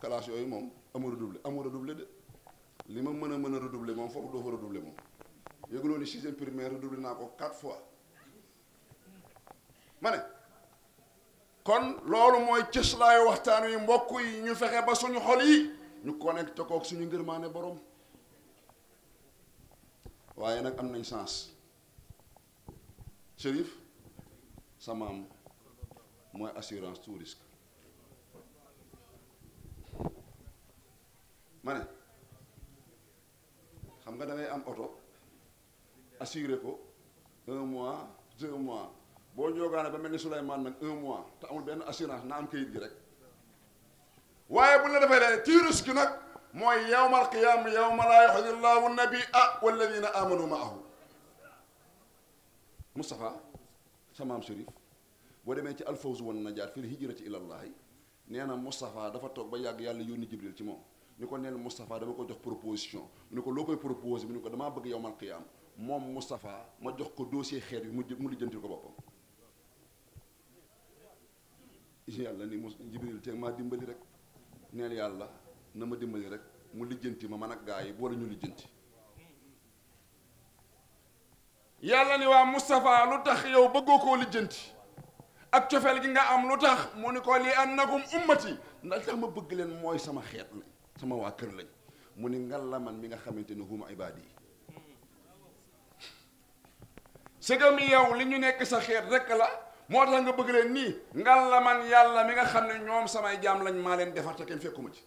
ba classe yooyu moom amul redoublé amul redoublé de li ma mën a mën a redoublé moom foofu doo fa redoublé moom yëguloo ni sixième primaire redoublé naa ko quatre fois ma ne kon loolu mooy cëslaayu waxtaan wi mbokk yi ñu fexe ba suñu xol yi ñu connecté kook suñu ngërmaane borom waaye nag am nañ chance شريف سمام موي اسيورانس تو ريسك مانا خمغا دا ام اوتو اسيوري كو 1 موا 2 موا بو نيوغانا با ملني سليمان نك 1 موا تا امول بن اسيورانس نا ام كايت جي ريك waye bu la defee ci risque nag mooy yowmal qiyam yowma la yaxdi llahu nabi a walladina amanu maahu Moustapha sa maam Chérif boo demee ci alfawzu wan najaat fil hijrati ilallahi nee na Moustapha dafa toog ba yàgg yàlla yónni Jibril ci moom ñu ko neel Moustapha dama ko jox proposition mu ne ko loo koy proposé mu ñu ko damaa bëgg yowmal qiyaam moom Moustapha ma jox ko dossier xeet yi mu mu lijjantil ko boppam ni mu Jibril te maa dimbali rek neel yàlla na ma dimbali rek mu lijjanti ma man ak gaa yi boole ñu lijjanti yàlla ni waa Moustapha lu tax yow bëggoo koo lijjanti ak cofeel gi nga am lu tax mu ni ko li annakum ummati ndax tax ma bëgg leen mooy sama xeet lañ sama waa kër lañ mu ni ngal la man mi nga xamante ni hum ibaadi yi sëgam yow li ñu nekk sa xeet rek la moo tax nga bëgg leen nii ngal la man yàlla mi nga xam ne ñoom samay jaam lañ maa leen defar te kenn fekkuma ci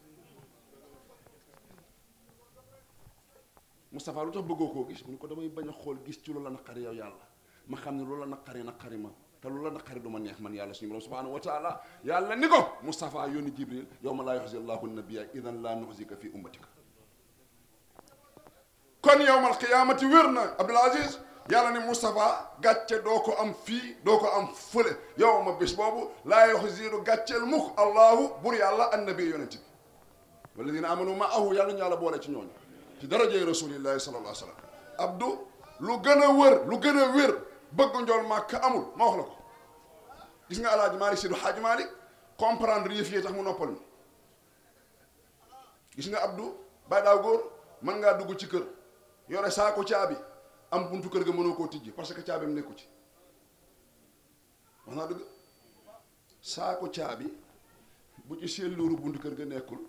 Moustapha lu tax bëggoo koo gis mu ne ko damay bañ a xool gis ci loolu la naqari yow yàlla ma xam ne loolu la naqari naqari ma te loolu la naqari du ma neex man yàlla suñu borom subhanahu wa taala yàlla ni ko Moustapha yónni Jibril yow ma laa yuxzi allahu nabiya idan laa nuxzika fi ummatika kon yow mal qiyaamati wér na Abdul Aziz yàlla ni Moustapha gàcce doo ko am fii doo ko am fële yow ma bis boobu laa yuxziiru gàcceel mukk allahu bur yàlla annabi yonent bi walladina amanu maahu yàlla ñu yàlla boole ci ñooñu ci darajey rasulillahi sallallahu alayhi wa sallam abdou lu gën a wër lu gën a wér bëgg njool màkk amul ma wax la ko gis nga alaaji Maalik si du xaaj Maalik comprendre yëf yi tax mu noppal mi gis nga abdou bàyyi daaw góor mën ngaa dugg ci kër yore saako caabi am buntu kër ga mënoo koo tijji parce que caabi am nekku ci wax naa dëgg saako caabi bu ci seen luuru buntu kër ga nekkul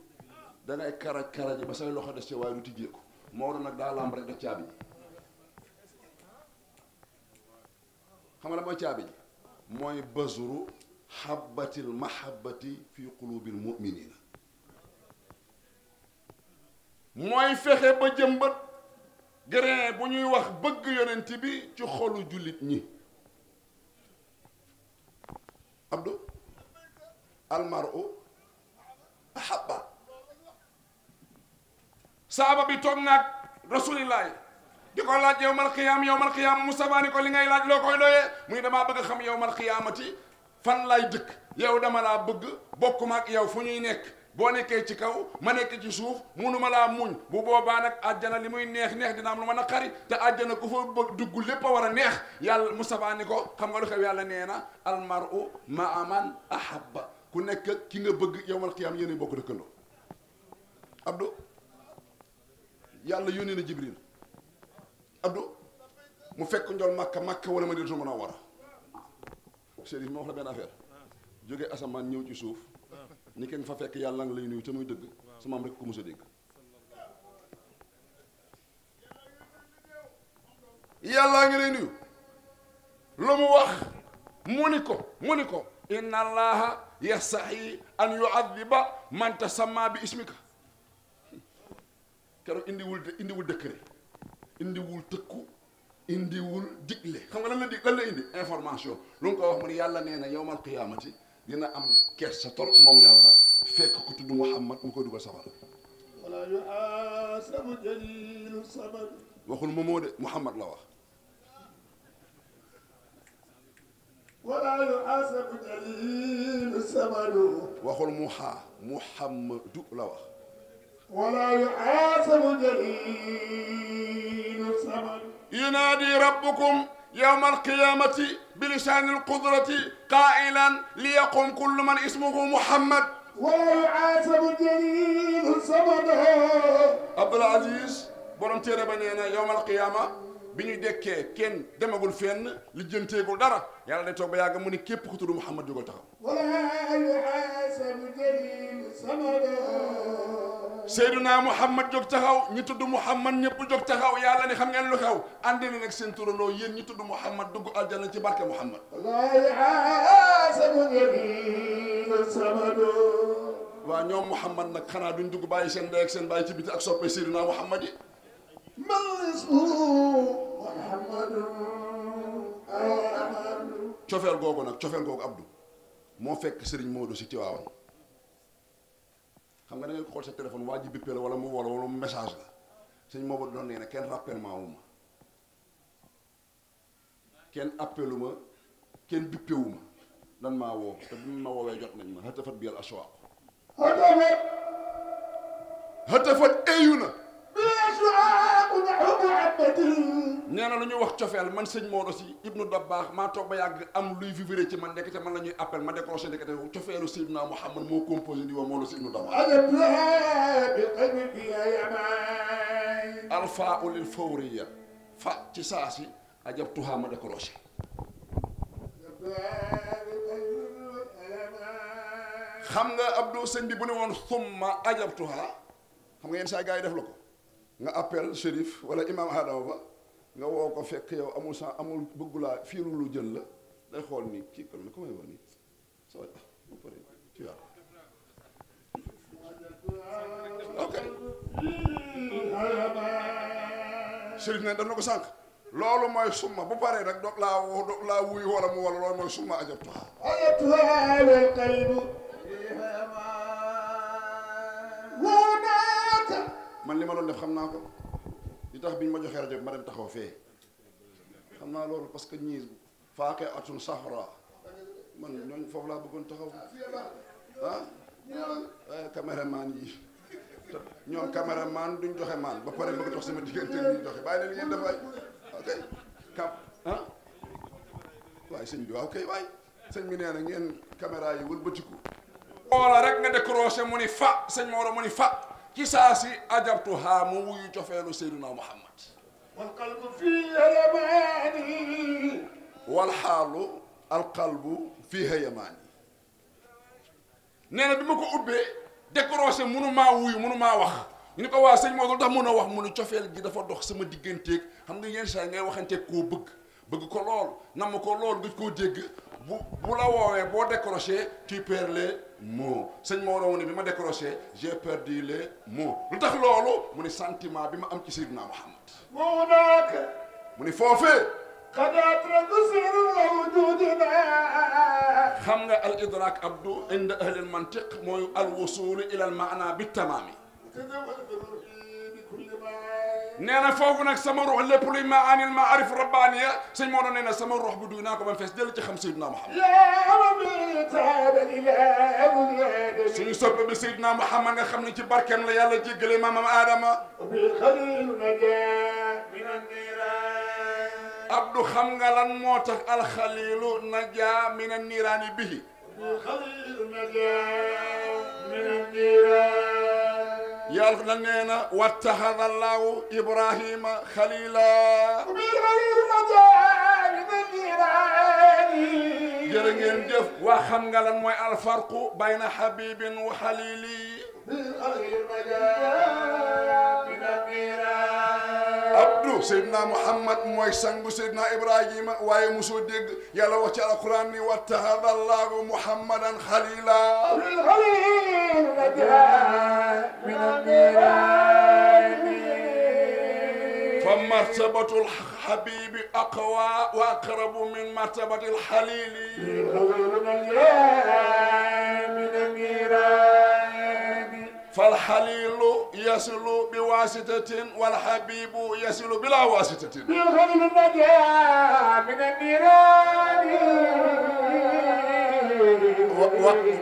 dangay karaj karaji ba say loxo des ci waaye du tijjee ko مورو نك دا لامب رك تيابي خمال مو تيابي موي بزرو حبة المحبة في قلوب المؤمنين موي فخه با جيمبت غرين بو نيي واخ بڬ يوننتي بي تي خولو جوليت ني عبدو المرء احبه saaba bi toog naag rasulillahi di ko laaj yowmal qiyaam yowmal qiyaam Mustafa ni ko li ngay laaj loo koy doyee muy damaa bëgg xam yowmal qiyaamati fan laay dëkk yow dama laa bëgg bokkumaak ak yow fu ñuy nekk boo nekkee ci kaw ma nekk ci suuf munuma laa muñ bu boobaa nag àjjana li muy neex neex dina am lu ma naqari te àjjana ku fa bëgg dugg lépp a war a neex yàlla Mustafa ni ko xam nga lu xew yàlla nee na almaru maa man ahabba ku nekk ki nga bëgg yowmal qiyaam yéen a bokk dëkkandoo Abdou yàlla yónnee na jibril abdou mu fekk njool màkka màkka wala ma dinatul mën a war a chérif ma wax la benn affaire jógee asamaan ñëw ci suuf ni kenn fa fekk yàlla nga lay nuyu te muy dëgg sama am ko mos a lu mu wax mu ni ko mu ni ko inna allaha yastahi an yuadiba man tasamma bi ismika keroog indiwul indiwul décret indiwul tëkku indiwul digle xam nga lan la dig lan indi information lu ko wax mu yàlla nee na yowmal qiyaamati dina am kees sa torop moom yàlla fekk ko Muhammad mu koy dugal safara waxul moomoo Muhammad la wax wala yuhaasabu la wax ولا يعاتب دليل الصبر ينادي ربكم يوم القيامة بلسان القدرة قائلا ليقوم كل من اسمه محمد ولا يعاتب الجليل الصمد عبد العزيز بروم تيرب نينا يوم القيامة بني ديكي كين دمغول فين لي جنتي دارا يالا دي توك ياغ موني كيب خطو محمد جوغول تاخو ولا يعاتب الجليل الصمد Seyduna Muhammad jóg taxaw ñu tudd Muhammad ñëpp jóg taxaw yàlla ni xam ngeen lu xew àndi na nag seen turandoo yéen ñi tudd Muhammad dugg aljana ci barke Muhammad waaw ñoom Muhammad nag xanaa duñ dugg bàyyi seen ndey ak seen bàyyi ci biti ak soppe Seyduna Muhammad yi cofeel googu nag cofeel googu Abdou moo fekk Serigne Modou si Tiwaawan xam nga da ngay xool sa téléphone waa ji bippee la wala mu woo la wala mu message la sëñ Maodo doon nee na kenn rappellement wu ma kenn appelu ma kenn bippee wu ma dan maa woo te bi ma woowee jot nañ ma xëtafat bi al aswaaq xëtafat eeyu na nee lañu wax cofeel man sëñ Maodo si Ibnu Dabbah ma tok ba yag am luy vivre ci man ci man lañuy appel ma nek té cofeelu Seydina Mouhamad mo composé di wa Maodo si Ibnu Dabbaax alfa ulil fawriya fa ci sasi si ajab tuhaa ma décrocher xam nga Abdou sëñ bi bu ne won summa ajab tuhaa xam nga yeen saa gars def lako nga appel shérif wala imam Adama ba nga woo ko fekk yow amul sa amul bëggulaa fiiru lu jël la day xool nii kii kon ko may wax nii sa waay ah shérif ne daf na ko sànq loolu mooy summa bu paree rek doog laa woo doog laa wuyu loolu mooy summa ajabtuha ajabtuha man li ma doon def xam naa ko li tax biñ ma joxee rajo ma dem taxaw fee xam naa loolu parce que ñii faaqe atun sahra man ñooñ foofu laa bëggoon taxaw ah waaye eh, caméraman yi ñoom cameraman duñ joxe maan ba pare bëgg tax sama diggante ñu joxe bàyyi leen ngeen def waay ok kam ah waaye sëñ bi waaw kay waay sëñ bi nee na ngeen caméra yi wëlbatiku. wala rek nga décroché mu ni fa sëñ Maodo mu ni fa. ci saa si ajabtu haa mu wuyu cofeelu Seydina Muhammad walqalbu fii hayamaani walxaalu alqalbu fii hayamaani nee na bi ma ko ubbee décroché munu maa wuyu munu maa wax ñu ne ko waa sëñ Maodo ko mën a wax mu ne cofeel gi dafa dox sama digganteeg xam nga yenn saa ngay waxanteeg koo bëgg bëgg ko lool nam ko lool gëj koo dégg bu la woowee boo décroché tu perds les mots sëñ Maodo mu ne décroché j'ai perdu les mots lu tax loolu mu ni sentiment bi ma am ci Seydina Muhammad mu naak mu ni foofee xadaat radu sirla wujudina xam nga al idrak abdou inda ahlil mantiq mooy al wusul ila al maana نانا فوقناك سمروح اللي بولي ما عاني المعارف الربانية سيمونا نانا سمروح بدوناكم من فاس ديلتي خمسي ابن محمد لا ربي تعالى الإله أبو سيسبب بسيدنا محمد خمني كبار كان ليا لجي قلي ماما آدم بالخليل نجا من النيران أبدو خمنا لن موتك الخليل نجا من النيران به بالخليل نجا من النيران يالنينا واتخذ الله ابراهيم خليلا ابراهيم جرجين ديف وخم غلان موي الفرق بين حبيب وحليلي ابراهيم جاء بنبيران سيدنا محمد موي سانغو سيدنا ابراهيم واي موسو ديغ يالا وتي القران ني واتخذ الله محمدا خليلا فمرتبة الحبيب أقوى وأقرب من مرتبة الحليل فالحليل يصل بواسطة والحبيب يصل بلا واسطة يخرج النجاة من النيران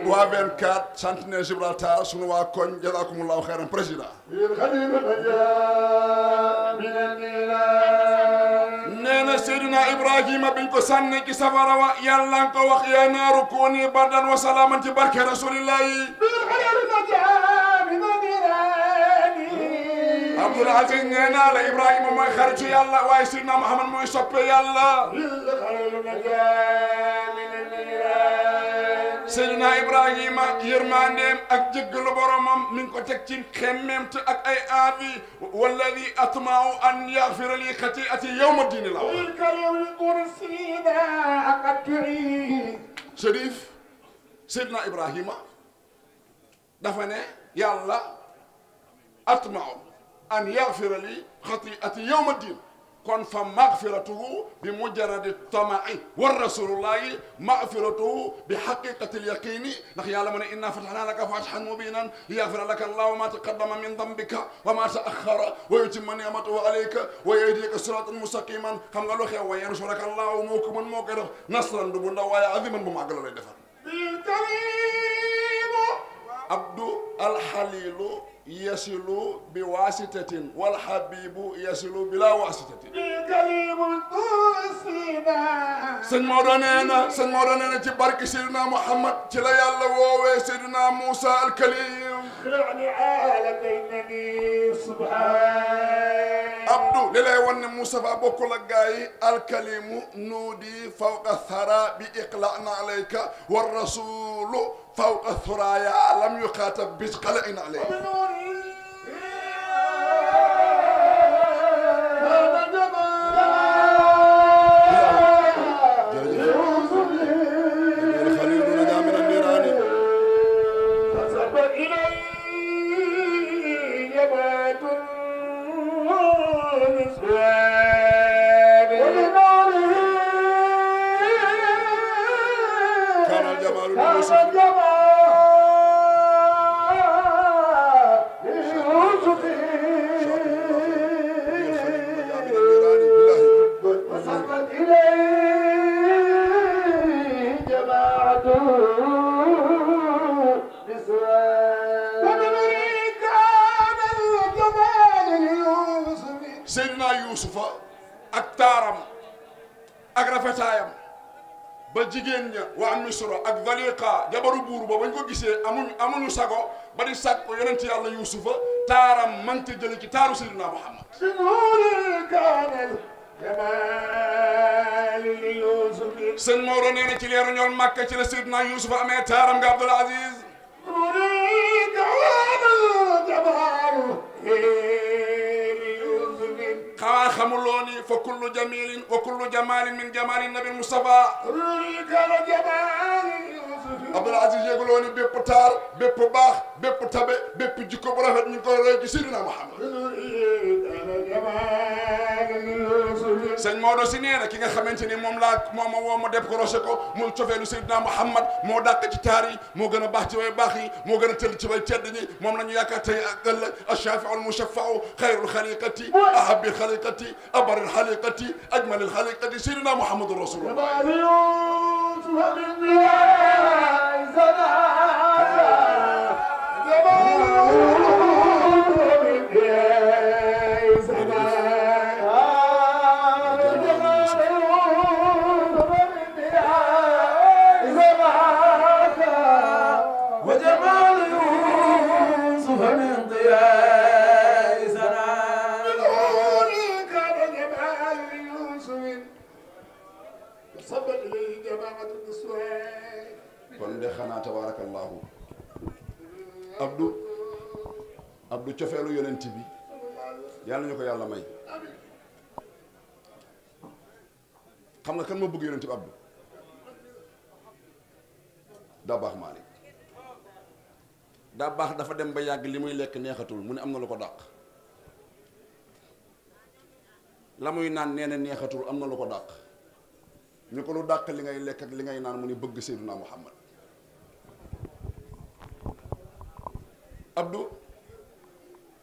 وابن كات سانتين جبرالتار سنوا كون جزاكم الله خيرا بريزيدا يخرج النجاة من النيران نينا سيدنا إبراهيم بنكو سنك سفروا يلانكو وخيا نار كوني بردا وسلاما تبارك رسول الله يخرج النجاة من النيران عبد العزيز نينا لابراهيم ما يخرج يلا ويسيرنا محمد ما يصب يلا الخليل نجا من النيران سيدنا ابراهيم يرمانيم اك جغل بروم من كو تك اك اي ابي والذي اطمع ان يغفر لي خطيئتي يوم الدين لا الخليل يقول سيدا اقد شريف سيدنا ابراهيم دا فني يلا اطمع أن يغفر لي خطيئتي يوم الدين كن فمغفرته بمجرد الطمع والرسول الله مغفرته بحقيقة اليقين نحن يعلمون إنا فتحنا لك فتحا مبينا ليغفر لك الله ما تقدم من ذنبك وما تأخر ويتم نعمته عليك ويهديك صراطا مستقيما كم قالوا خير وينشرك الله موكما موكرا نصرا دبنا ويعظما بمعقل الدفر بالكريم عبد الحليل يسل بواسطة والحبيب يسل بلا واسطة sëñ Maodo nee na sëñ Maodo nee na ci barke Seydina Muhammad ci la yàlla woowee Seydina Moussa al Khalil خلعني على بينني سبحان abdu lelay wonne moustapha bokkula gayi alkalimu nuudi fawqa thara bi iqlana alayka warrasulu fawqa thuraya lam yukatab bisqala in alayka taaram ak rafetaayam ba jigéen ña waa am misra ak zaliqa jabaru buur ba bañ ko gisee amuñ amuñu sago ba di sàkk ko yonent yàlla yuusufa taaram mante jële ci taaru seydina muhammad sëñ Maodo nee na ci leeru ñool màkka ci la seydina yuusufa amee taaram nga abdul aziz خا خمولوني فكل جميل وكل جمال من جمال النبي المصطفى عبد العزيز يقولوني بيب تار بيب باخ بيب تبع بيب جيكو برافت نيكو ريجي سيدنا محمد sëñ Maodo si nee na ki nga xamante ni moom laa moom ma woo ma def ko roche ko muy cofeelu Seydina Muhammad moo dàq ci taar yi moo gën a baax ci way baax yi moo gën a tëdd ci way tedd ñi moom la ñu yaakaar tey ak ëllëg ash-shafi'u al-mushafa'u xayrul xaliqati ahabbil الحلقة أبر الحلقة أجمل الحلقة سيدنا محمد رسول الله Abdou Abdou cofeelu yonent bi yàlla nañu ko yàlla may xam nga kan ma bëgg yonent bi Abdou daa baax Malick daa baax dafa dem ba yàgg li muy lekk neexatul mu ne am na lu ko dàq la muy naan nee na neexatul am na lu ko dàq ñu ko lu dàq li ngay lekk ak li ngay naan mu ne bëgg Seydunaa Muhammad Abdu,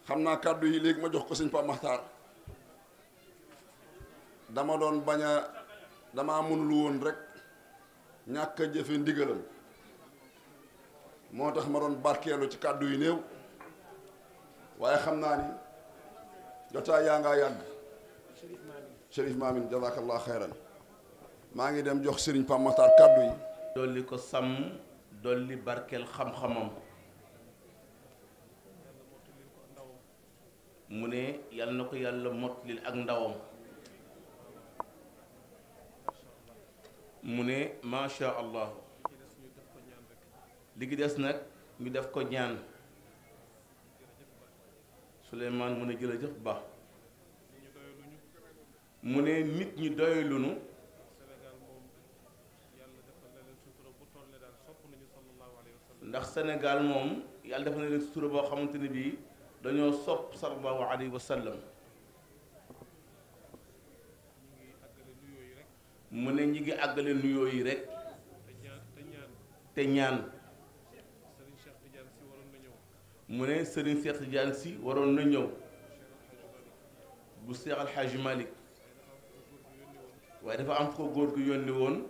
xamna kaddu yi léegi ma jox ko seigne Pa Maxtaar dama don baña dama amul lu won rek ñaka a ndigeelam motax ma don barkelu ci kaddu yi neew waye xamna ni ya nga yag mamin jazakallah khairan ma ngi dem jox seigne Pa Maxtaar kaddu yi doli ko sam doli barkel xam-xamam mu ne yàlla na ko yàlla mott lii ak ndawam mu ne macha allah li gi des nag ñu def ko ñaan Souleymane mu ne jërëjëf ba mu ne nit ñi doyluñu ndax Sénégal moom yàlla dafa na leen sutura boo xamante ne bii دانيو صوب صلى الله عليه وسلم مني نيغي اغالي نيويي ريك تي نيان سيرين شيخ تيان سي وارون نا نييو مني سيرين الحاج مالك واي دا فا ام كو غور كو يوني وون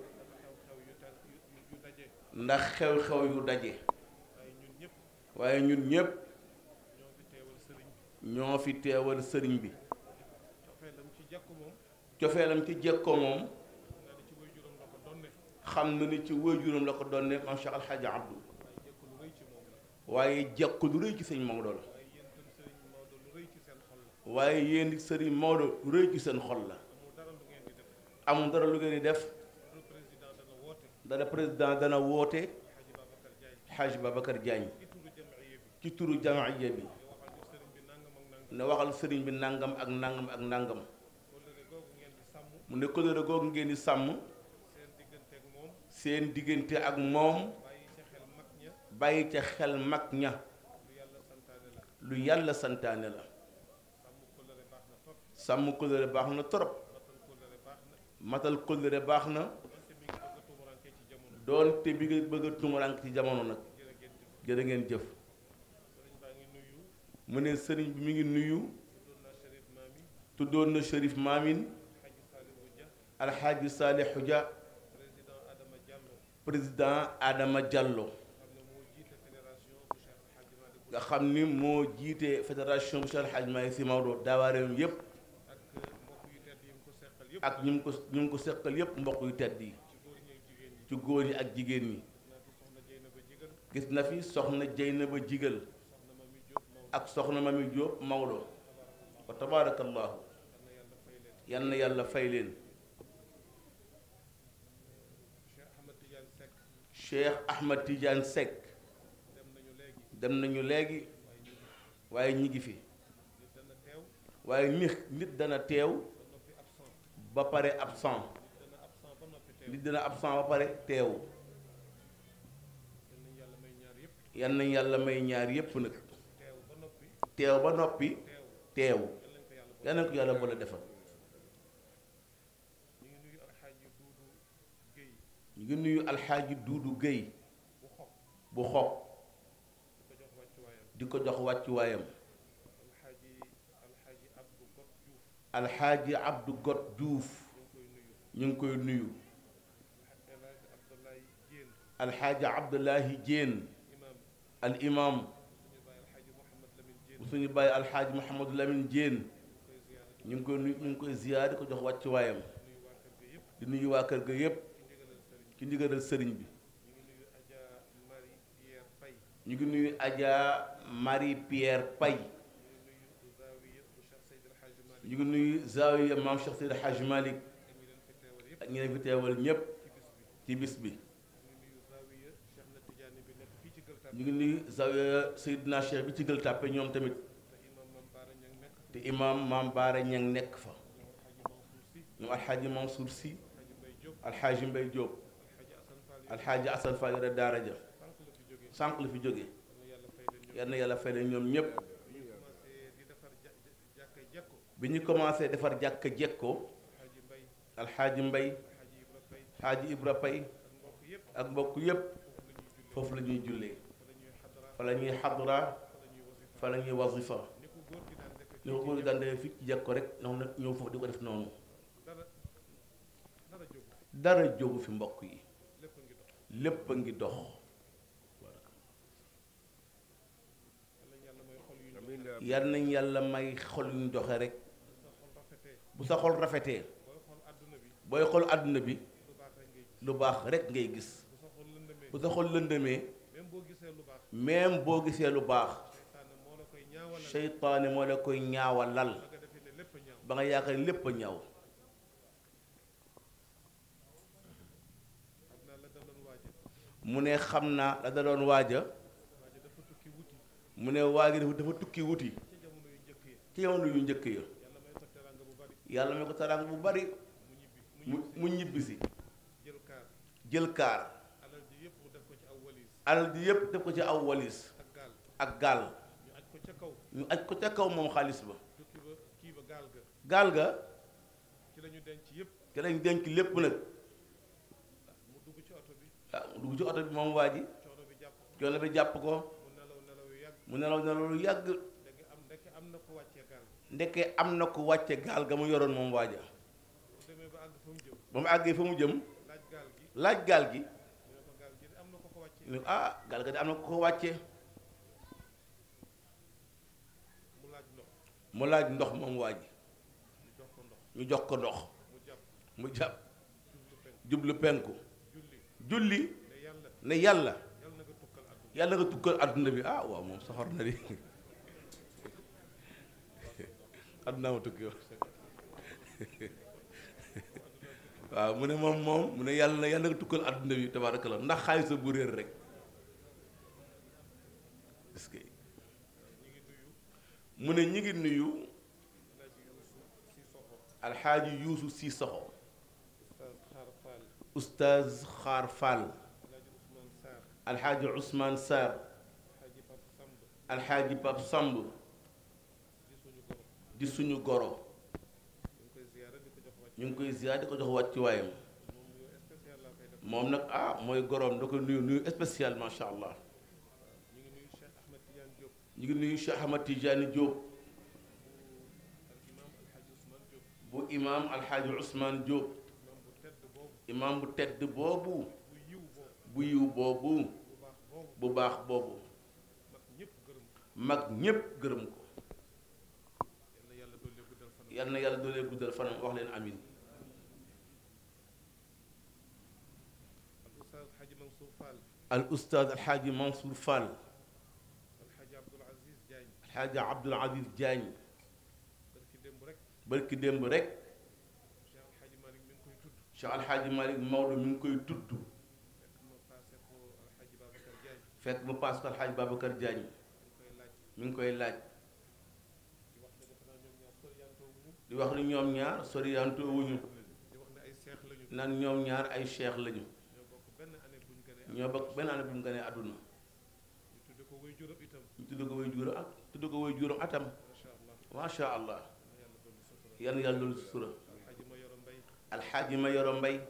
ndax xew xew yu dajé waye ñun ñëpp waye ñun ñëpp ñoo fi teewal sëriñ bi cofeelam ci jekko moom xam na ni ci waajuram la ko donne maam Cheikh Alxaaji Abdu waaye jekko lu rëy ci sëñ Maodo la waaye yéen it sëriñ Maodo rëy ci seen xol la amul dara lu ngeen di def dana président dana woote Xaaji Babacar Diagne ci turu jamaaya bi ne waxal sëriñ bi nangam ak nangam ak nangam mu ne kóllëre googu ngeen di sàmm seen diggante ak moom bàyyi ca xel mag ña lu yàlla santaane la sàmm kóllëre baax na torop matal kóllëre baax na doonte bi nga bëgg a ci jamono nag jërë ngeen jëf mu ne sëriñ bi mi ngi nuyu tuddoon na Chérif Mamine alxaaji Salihu Dia président Adama Diallo nga xam ni moo jiite fédération bu Cheikh El Hadj Mahi Sy Maodo daawaareem yépp ak ñu ko ñu ko seqal yépp mbokk yu tedd yi ci góor yi ak jigéen yi gis na fi soxna jeyna ba Jigal ak soxna Mami Diop Maodo wa tabaarakallaahu yal na yàlla fay leen Cheikh Ahmed Tidiane Seck dem nañu léegi waaye ñi ngi fi waaye nit nit dana teew ba pare absent nit dana absent ba pare teew yal nañ yàlla may ñaar yépp nag teew ba noppi teew yal na ko yàlla boole defal ñu ngi nuyu alxaaji duudu géy bu xob di ko jox wàccuwaayam alxaaji abdu got juuf ñu ngi koy nuyu alxaaji abdullahi jéen al imaam وسني باي الحاج محمد لمن جين نيمكو نيمكو زيادة كده خوات توايم دنيو واكر جيب كندي كده السرني بي نيجو نيو أجا ماري بيير باي نيجو نيو زاوية مام شخصي الحاج مالك نيجو نيو تيول نيب تيبس بي ñu ngi nuyu zawiya Seydina bi ci gël tàppe ñoom tamit te imaam maam Baara Ñang nekk fa ñoom alxaaji Mansour si alxaaji Mbay Jóob alxaaji Asan Fall yore daara ja sànq la fi jóge yal na yàlla fay leen ñoom ñépp bi ñu commencé defar jàkka jekko alxaaji Mbay alxaaji Ibra Pay ak mbokk yépp foofu la ñuy jullee fa la ñuy xadra fa la ñuy wasifa li ko góor gi daan defee fii ci jekk ko rek noonu nag ñëw foofu di ko def noonu dara jógu fi mbokk yi lépp a ngi dox yal nañ yàlla may xol yu ñu doxe rek bu sa xol rafetee booy xol àdduna bi lu baax rek ngay gis bu sa xol lëndëmee même boo gisee lu baax seytaane moo la koy ñaawalal ba nga yaakaar lépp a ñaaw mu ne xam naa la da doon waaja mu ne waaji dafa tukki wuti ci jamono yu njëkk ya yàlla may ko teraanga bu bari mu ñibbisi jël kaar alal ji yépp def ko ci aw walis ak gaal ñu aj ko ca kaw moom xaalis ba gaal ga ci lañu denc yépp ci lañu denc lépp nag mu dugg ci oto bi ah, mu bi moom waa ji coono bi jàpp ko mu nelaw nelaw lu yàgg ndekkee am na ko wàcce gaal ga mu yoroon moom waaja ba mu àggee fa mu jëm laaj gaal gi ñu ne ah gaal am na ku ko wàcce mu laaj ndox moom waa ji ñu jox ko ndox mu jàpp jublu penku julli ne yàlla yàlla nga tukkal àdduna bi ah waaw moom soxor na di adduna ma tukki waaw mu ne moom moom mu ne yàlla yàlla nga tukkal àdduna bi tabaaraka la ndax xaalis bu réer rek mu ne ñi ngi nuyu alxaaji yuusu si soxo oustaz xaar fall alxaaji ousmane sarr alxaaji pap samb di suñu goro ñu ngi koy ziar di ko jox wàcc waayam moom nag ah mooy goroom da ko nuyu nuyu spécial macha allah ñu ngi nuyu Cheikh Ahmad Tidiane Diop bu imaam Alxaaji Ousmane Diop imaam bu tedd boobu bu yiw boobu bu baax boobu mag ñépp gërëm ko yal na yàlla doolee guddal fanam wax leen amin al ustaaz Alxaaji Mansour Fall xaaja abdul aziz Jani, barki demb rek cheikh hadji malik maodo mi ngi koy tuddu fekk mu passe ko hadji babakar jaañ mi ngi koy laaj di wax ni ñom ñaar wuñu nan ñom ñaar ay cheikh lañu ñoo bokk benn année bu mu gënee àdduna ñu tuddu ko way juro ak tudd ko woy juróom atam macha allah yàlla yàlla loolu sutura yi ma yoro mbay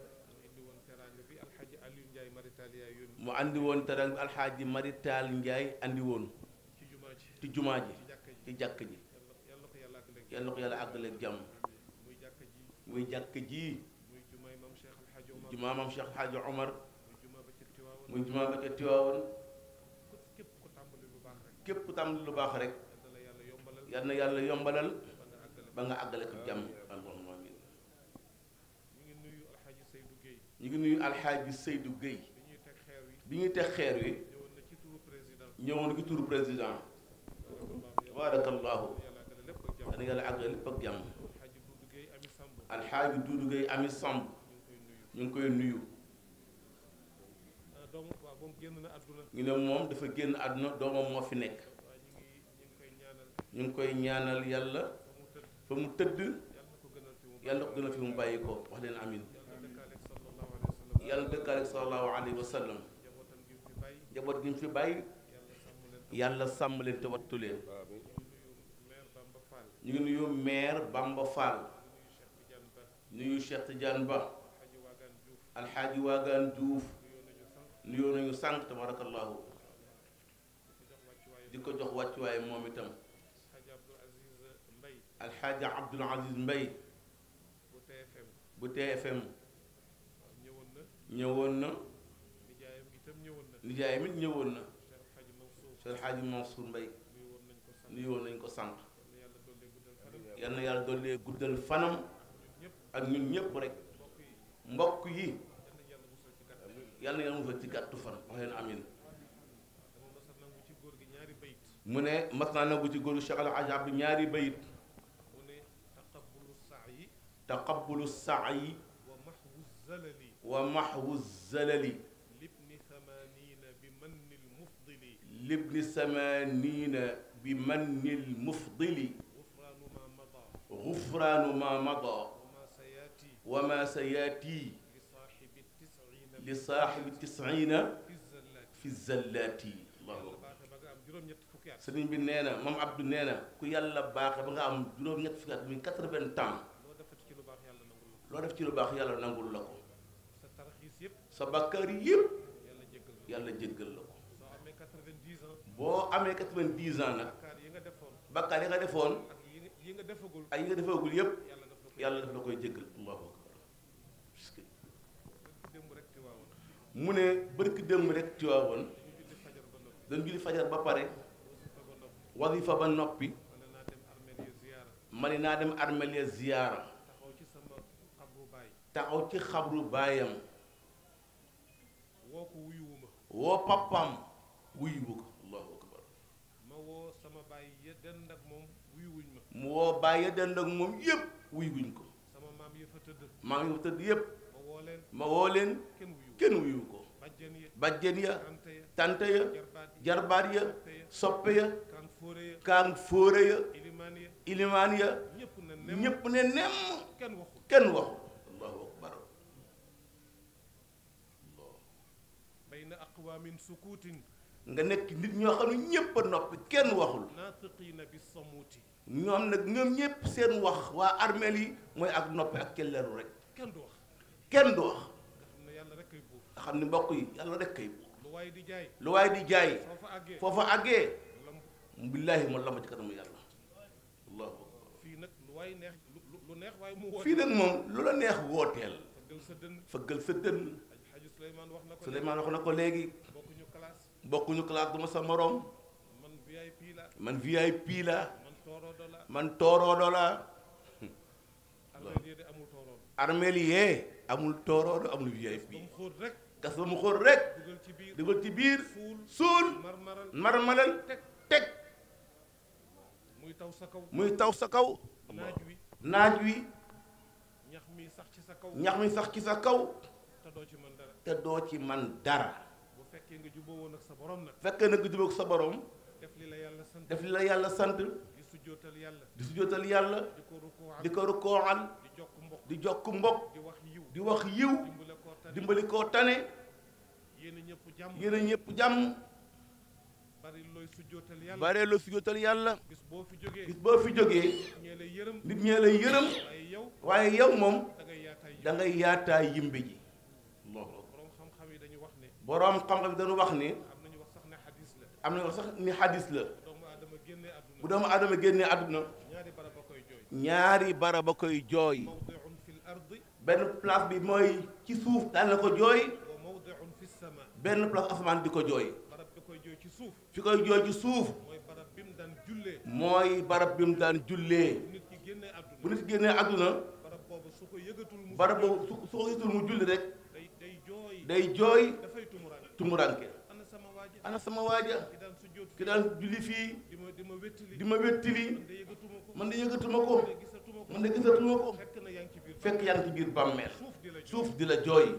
mu andi woon terang bi alxaaji marital njaay andi woon ci jumaa ji ci jàkk ji yàlla ko yàlla àggaleeg jàmm muy jàkk ji jumaa maam cheikh alxaaji omar muy jumaa ba ca tiwaawoon képp tam lu baax rek yal na yàlla yombalal ba nga àggale ko jàmm allahumma amin ñu ngi nuyu alxaaji Seydou Guèye bi ñuy teg xeer wi ñëwoon ci turu président tabaarakallaahu yal na yàlla àggale lépp ak jàmm alxaaji Doudou Guèye ami Samb ñu ngi koy nuyu ñu ne moom dafa génn àdduna doomam moo fi nekk ñu ngi koy ñaanal yàlla fa mu tëdd yàlla ko gënal fi mu bàyyi ko wax leen amin yàlla dëkkaale sallallahu alayhi wa sallam njaboot gi mu fi bàyyi yàlla sàmm leen te wattu leen ñu ngi nuyu maire Bamba Fall nuyu Cheikh Tidiane Ba alxaaji waagaan Diouf نيو نيو سانك تبارك الله ديكو جوخ واتي واي مومي تام الحاج عبد العزيز مبي بو تي اف ام نيوون نا نجاي ميت نيوون نا شيخ الحاج منصور مبي نيوون نانكو سانك يالنا يالا دولي غودال فانام اك نين نيب رك مبوك يي yàlla na yàlla musal ci gàttu fan wax leen amin mu ne mas naa nangu ci góor gi Cheikh Al Hadj Abdou ñaari bayit mu ne taqabulu saayi taqabulu saayi wa maxwu zalali wa maxwu zalali libni samanina bi manni lmufdili libni samanina bi manni lmufdili gufraanu ma mada wa ma sayaati li saaxibi tisina fi zallaati allahu sëriñ bi nee na moom Abdou nee na ku yàlla baaxe ba nga am juróom-ñett fukki at muy quatre-vingts ans loo def ci lu baax yàlla nangul la ko sa bakkaar yëpp yàlla jéggal la ko boo amee quatre-vingt-dix ans nag bakkaar yi nga defoon ak yi nga defagul yëpp yàlla daf la koy jéggal allahu mu ne bërki démb rek Tiwaawan dañ julli fajar ba pare wasifa ba noppi ma ne naa dem armeel ya ziyaara taxaw ci xabru baayam woo ko wuyuwuma woo pappam wuyuwu ko allahu akbar ma woo sama baay ya dend ak moom wuyuwuñ dend ak moom yépp wuyuwuñ ko sama maam ya fa tëdd yépp ma woo leen kenn wuyu ko bàjjen ya tante ya jarbaat ya soppe ya kaang fóore ya ilimaan ya ñépp ne nemm kenn waxul allahu akbar bayna aqwaamin sukuutin nga nekk nit ñoo xam ne ñépp noppi kenn waxul naafiqiina bi ñoom nag ñoom ñépp seen wax waa armeel yi mooy ak noppi ak kelleeru rek kenn du wax kenn du wax xam ni mbokk yi yàlla rek kay lu waaye di jaay foofa àggee billaahi ma lama ci kanamu yàlla allahu akbar fii nag moom lu la neex wooteel fëggal sa dënn Souleymane wax na ko léegi bokkuñu classe du ma sa morom man VIP la man tooroodo la armeel yee amul tooroodo amul VIP gas ba mu xóor rek dugal ci biir suul marmalal teg muy taw sa kaw muy taw sa kaw naaj wi ñax mi sax ci sa kaw ñax mi sax ci sa kaw te doo ci man dara bu fekkee nga juboo woon sa borom nag fekkee nag nga juboo sa boroom def li la yàlla sant def la yàlla sant di sujjootal yàlla di yàlla di ko rukkooxal di jokk mbokk di jokk mbokk wax yiw di wax yiw dimbali koo tane yéen a ñëpp jàmm yéen ñëpp jàmm. bari looy sujjootal yàlla bari looy sujjootal yàlla. bis boo fi jógee boo fi jógee. nit ñee lay yërëm nit ñee lay yërëm. waaye yow waaye yow moom. dangay ngay yaataa yimbe ji. borom xam-xam yi dañu wax ne. borom xam-xam yi dañu wax ne. am nañu wax sax ne xadis la. am nañu wax sax ni xadis la. bu doomu aadama génnee àdduna. ñaari baraba koy jooy. ñaari baraba koy jooy. benn place bi mooy ci suuf daan na ko jooy. benn place asamaan di ko jooy fi koy jooy ci suuf mooy barab bi mu daan jullee bu nit génnee àdduna barab boobu su su ko yëgatul mu julli rek day jooy tumuranke ana sama waaja ki daan julli fii di ma wettili man de yëgatuma ko man de gisatuma ko fekk yaa ngi ci biir bàmmeel suuf di la jooy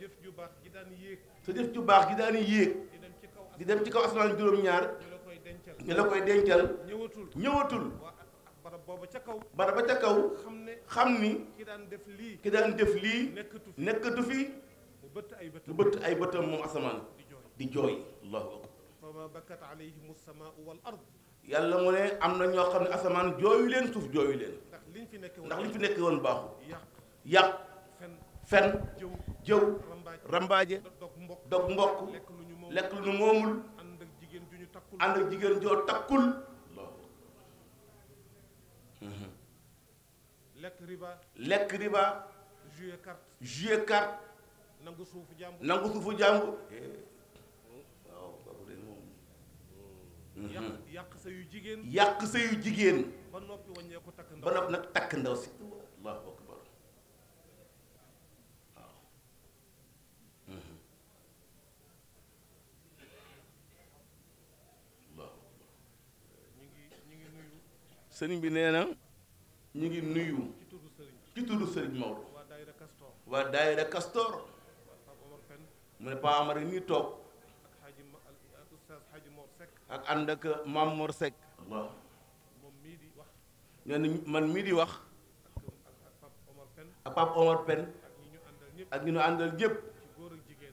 jëf ju baax gi daan yéeg sa jëf ju baax gi daan yéeg di dem ci kaw asamaan juróom-ñaar ñu la koy dencal ñëwatul ñëwatul barab booba ca kaw barab ba ca kaw xam ne xam ni ki daan def lii ki def lii nekkatu fi mu bëtt ay bëtam mu ay bëtam moom asamaan di jooy allahu akbar fama bakat alayhim as-samaa wal ard yàlla mu ne am na ñoo xam ne asamaan jooyu leen suuf jooyu leen ndax liñ fi nekk woon baaxul yàq yàq fen jëw rambaaje dog mbokk lekk lu ñu moomul ànd ak jigéen joo takkul lekk riba lekk riba jouer carte jouer carte nangu suufu nangu suufu jàmbur waaw yàq sa yu jigéen yàq sa jigéen ba noppi wàññeeku takk ndaw takk ndaw si serigne bi nee ñi ngi nuyu ci tuddu serigne Maodo wa daayira Castor mu ne pa Amar ni tok ak ànd ak Maam Mor sek ñen man mi di wax ak pap Omar Pen ak ñu andal àndal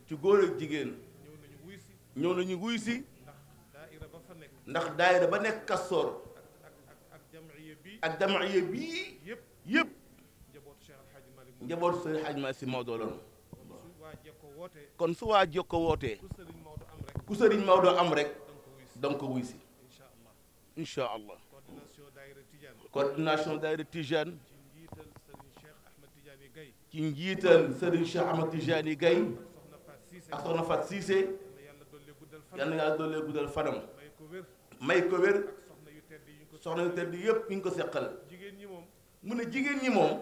ci goor ak jigen ñëw nañu wuy si ñëw nañu wuy si ndax daayira ba nek Castor. ak damaye bii yëpp yëpp njabootu Serigne Hadj Malick Sy Maodo la kon su waa Jokko wootee ku Serigne Maodo am rek danga ko wuy si incha allah coordination daayira Tijane ci njiital Serigne Cheikh Ahmad Tijani Gaye ak soxna Fat Cissé yal na yàlla doole guddal fanam may ko wér. soxna yu tedd yëpp ñu ngi ko seqal. jigéen ñi moom. mu ne jigéen ñi moom.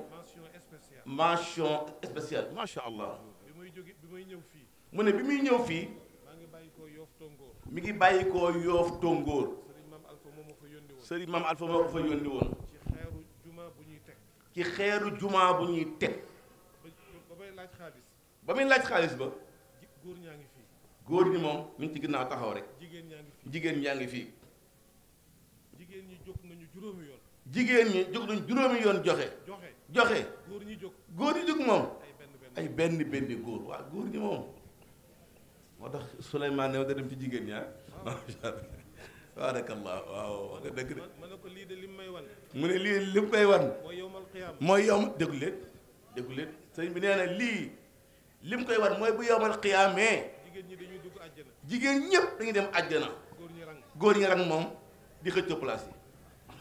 mention spéciale. mention spéciale allah. bi muy jóge bi muy ñëw fii. mu ne bi muy ñëw fii. maa ngi bàyyi koo yoof tongoor. mi ngi bàyyi koo tongoor. sëriñ maam Alpha moom moo fa yónni woon. sëriñ maam Alpha moo fa yónni woon. ci xeeru juma bu ñuy teg. ci xeeru juma bu ñuy teg. ba may laaj ba muy laaj xaalis ba. góor ñaa ngi fii. góor ñi moom mi ngi ci ginnaaw taxaw rek. jigéen ñaa jigéen ñaa ngi fii. juróomi yoon jigéen ñi jóg nañ juróomi yoon joxe joxe góor ñi jóg góor ñi jóg moom ay benn benn góor waa góor ñi moom moo tax Souleymane ne ma da dem ci jigéen ñaa ah. ah. waaw rek allah waaw wax dëgg ma ne ko lii de lim may wan. mu ne lii lim may wan. mooy yowmal qiyaama mooy yowmal déglu leen déglu leen sëñ bi nee na lii lim koy wan mooy bu yowmal qiyaamee. jigéen ñi dañuy dugg àjjana. jigéen ñëpp dañuy dem àjjana. góor ñi rang góor ñi rang moom di xëccoo place yi.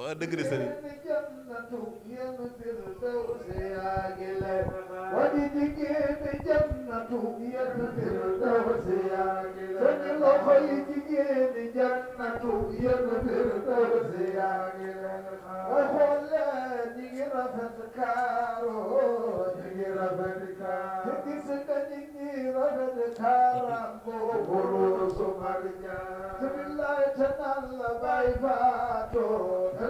waaw dëgg la sëriñ Thank you.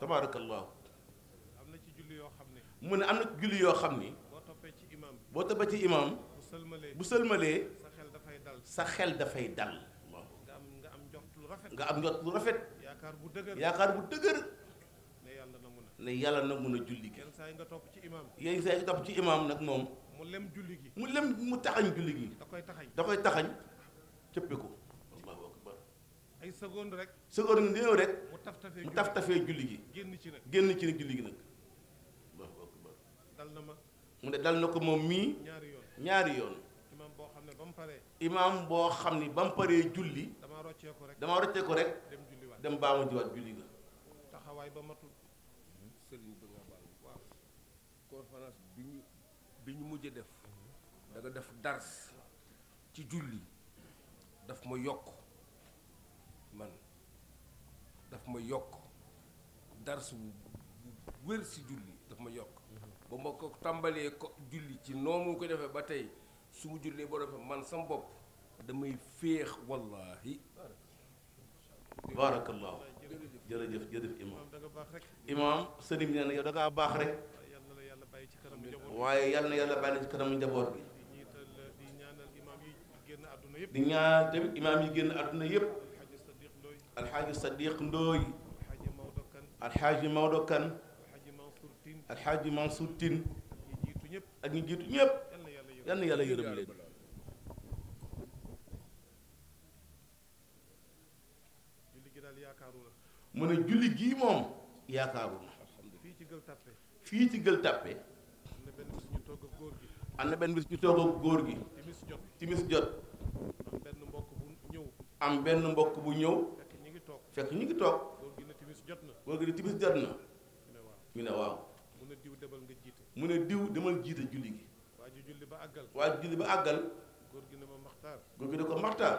tabaarakallaahu mu ne am na julli yoo xam ni boo toppee ci imaam bu sëlmalee sa xel dafay dal xel dafay dal nga am njot lu rafet nga am rafet yaakaar bu dëgër ne yàlla na mun a julli gi yenn saa yi nga topp ci imaam yenn saa yi nga topp nag moom mu lem julli gi mu lem mu taxañ julli gi da koy taxañ da koy taxañ cëppi ko ay seconde rek seconde nga néew rek mu taf tafee julli gi génn ci nag génn ci nag julli gi nag na ma mu ne dal na ko moom mii ñaari yoon ñaari yoon boo xam ne ba mu paree boo xam ne ba mu paree julli damaa roccee ko rek damaa roccee rek dem julliwaat dem baamu jiwaat julli ga taxawaay ba matul sëriñ bi ñu bi mujj def da nga def dars ci julli daf ma yokk daf ma yokk darsu bu wër si julli daf ma yokk ba ma ko tàmbalee ko julli ci noonu ko defee ba tey su mu jullee boo defee man sama bopp damay féex wallaahi baarakallahu jërëjëf jërëjëf imaam imaam sëriñ bi nee na yow da ngaa baax rek waaye yal na yàlla bàyyi la ci kanamu njaboot bi di ñaan tamit imaam yi génn àdduna yëpp alxaaji sadiq ndooy alxaaji mawdo kan alxaaji mansour tin ak ñu jiitu ñëpp yal na yàlla yërëm leen mu ne julli gii moom yaakaaru na fii ci gël tàppe am na benn bis ñu toog góor gi timis jot am benn mbokk bu ñëw fekk ñu ngi toog góor gi ne timis jot na ñu ne waaw mu ne diw demal nga jiite mu ne diw demal jiite julli gi waa ji julli ba àggal waa ji julli ba àggal góor gi ne ma maxtaar góor gi ne ko maxtaar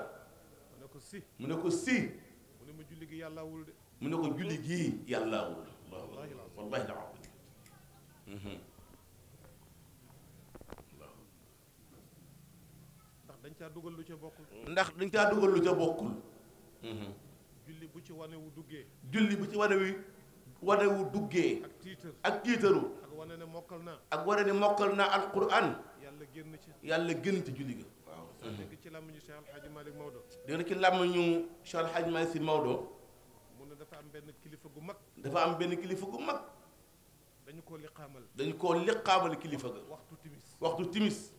mu ne ko si mu ne mu ne ma julli gi yàllaawul de mu ne ko julli gii yàllaawul wallahi mhm. ndax dañ caa dugal lu ca bokkul ndax dañ caa dugal lu ca bokkul mhm. julli bu ci wane wu duggee. julli bu ci wane wi wane wu duggee. ak tiitaru ak tiitaru. ak wane ne mokkal naa. ak wane ne mokkal naa alquran. yàlla génn ci yàlla génn ci julli ga. waaw dégg ci làmmiñu Cheikh Al Hadj Malick Maodo. dégg nga ci làmmiñu Cheikh Al Hadj Malick si Maodo. mu ne dafa am benn kilifa gu mag. dafa am benn kilifa gu mag. dañu koo liqaamal. dañu koo liqaamal kilifa ga. waxtu timis waxtu timis.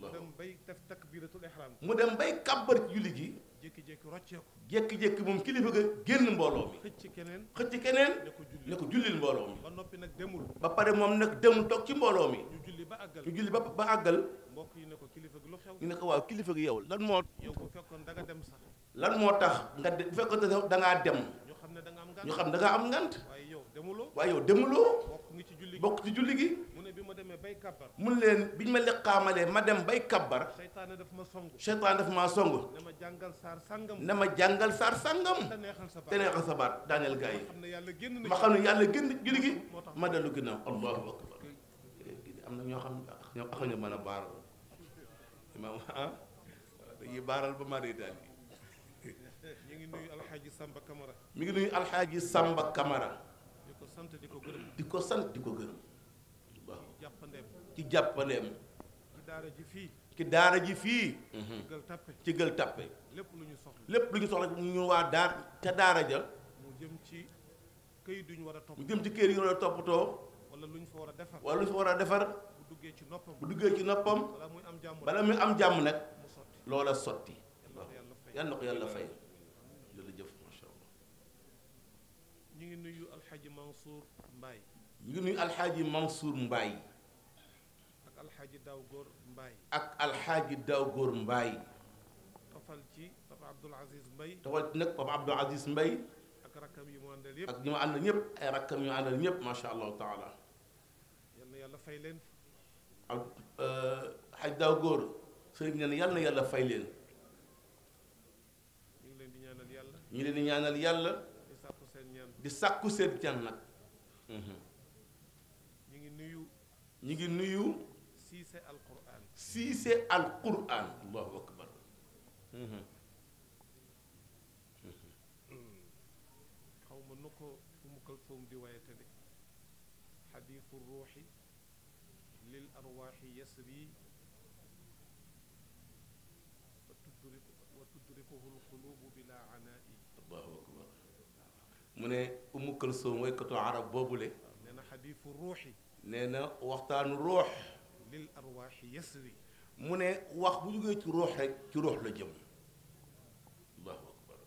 mu dem bay def takbiratul ihram. mu dem bay kàbbar ci julli gi. jékki-jékki rocceeku jékki-jékki moom kilifa ga génn mbooloo mi keneen xëcc keneen ne ko jullil mbooloo mi ba noppi nag demul ba pare moom nag dem toog ci mbooloo mi ñu julli ba àggal ñu julli ba ba àggal mbokk yi ne ko kilifa gi lu xew ñu ko waaw kilifa gi yow lan moo yow bu fekkoon da nga dem sax lan moo tax nga de bu fekkoon da dangaa dem ñu xam ne danga nga am ngant xam da nga am ngant waaye yow demuloo waaye yow demuloo bokk ci julli gi mun leen bi ñu ma liqaamalee ma dem bay kabbar seytaane dafa ma song seytaane daf maa song ne ma jàngal saar sàngam ne ma jàngal saar sàngam te neexal sa baat daaneel gaa yi ma xam ne yàlla génn julli gi ma dellu ginnaaw allahu akbar am na ñoo xam ne ñoom xam nga mën a baaral imaam ah ba mari daal ngi nuyu alxaaji Samba Kamara mi ngi nuyu alxaaji Samba ko sant di ko di ko sant di ko gërëm jàppaleem ci daara ji fii ci daara ji fii ci gël tappe lépp lu ñu soxla lépp lu ñu soxla ñu waa daar ca daara ja mu jëm ci këyit duñu war a topp jëm ci këyit yu a toppatoo wala lu ñu fa war a defar wala ñu war a defar bu duggee ci noppam bu duggee ci noppam bala muy am jàmm bala am jàmm loola sotti yàlla na ko yàlla fay jërëjëf macha allah ñu ngi nuyu alxaaji Mansour Mbaye ñu ngi alxaaji daaw góor mbaay ak alxaaji daaw góor mbaay tofal ci papa abdul aziz mbay tofal ci nag papa abdul aziz mbay ak rakkam yi mu àndal yëpp ak ñi ma àndal ñëpp ay rakkam yu àndal ñëpp macha allahu taala yalla na yàlla fay leen ak xaj daaw góor sëriñ bi nee yalla yal na yàlla fay leen ñu ngi leen di ñaanal yàlla ñu leen di ñaanal yàlla di sàkku seen ñaan di sàkku seen ñaan nag ñu ngi nuyu ñu ngi nuyu siise alquran siise alquran allahu akbar xaw ma nu ko umu kalsoom di wayete de xadiisu ruuxi lil arwaaxi yasri wa tudrikuhu lqulubu bila anaai allahu akbar mu ne umu kalsoom waykatu arab boobule nee na xadiisu ruuxi nee na waxtaanu ruux للأرواح يسري من وقت بجوجي تروح تروح لجم الله أكبر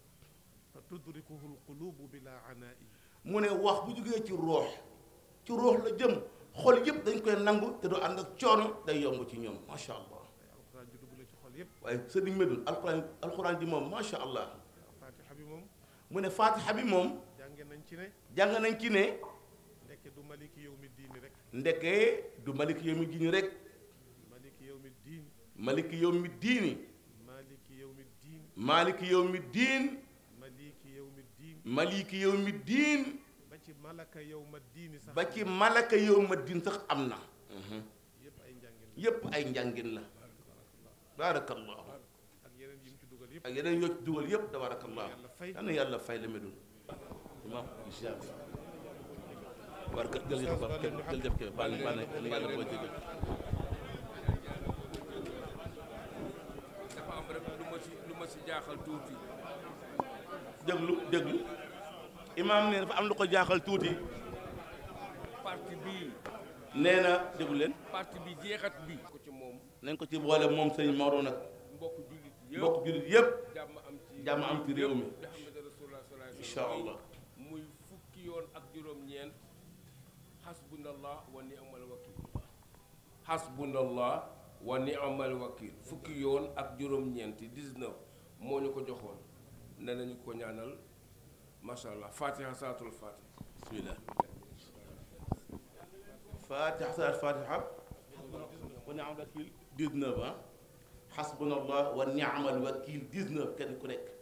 فتدركه القلوب بلا عناء من وقت بجوجي تروح تروح لجم خل يب دينك ينعو تدو عندك شون دايوم وتنيوم ما شاء الله waaye sa diñ ma dul alquran alquran di moom masha allah mu ne fatiha bi moom jàng nañ ci ne jàng nañ ci ne maliki yawmi diini rek. ndeke du maliki yawmi diini rek. maliki yawmi mi maliki yawmi diini. maliki yawmi diini. maliki yawmi diini. maliki yawmi diini. maliki ba ci malaka yawma diini sax. ba ci malaka yawma diini sax am na. Mhm. yëpp ay njàngin la yëpp ay njàngin la. baarakallahu. ak yeneen yi mu ci dugal yëpp. ak yeneen yoo yëpp tabarakallahu. yàlla fay yàlla la medul. war jërëjëf ba jërëjëf kii baal baal na li yàlla boo jégal dafa am lu ma si lu ma si jaaxal tuuti déglu déglu imaam am lu ko jaaxal tuuti parti bi nee na déglu leen parti bi jeexat bi ko ci moom nañ ko ci boole moom sëñ Maodo nag mbokk jullit yëpp mbokk yëpp jàmm am ci réew mi incha allah hasbunallah wa ni'mal wakil hasbunallah wa ni'mal wakil fukki yoon ak juróom-ñeenti 19 moo ñu ko joxoon ne nañu ko ñaanal macha allah fatiha salaatul fatiha bismillah fatiha salaatul fatiha wa ni'mal wakil 19 ah hasbunallah wa ni'mal wakil 19 kenn ku nekk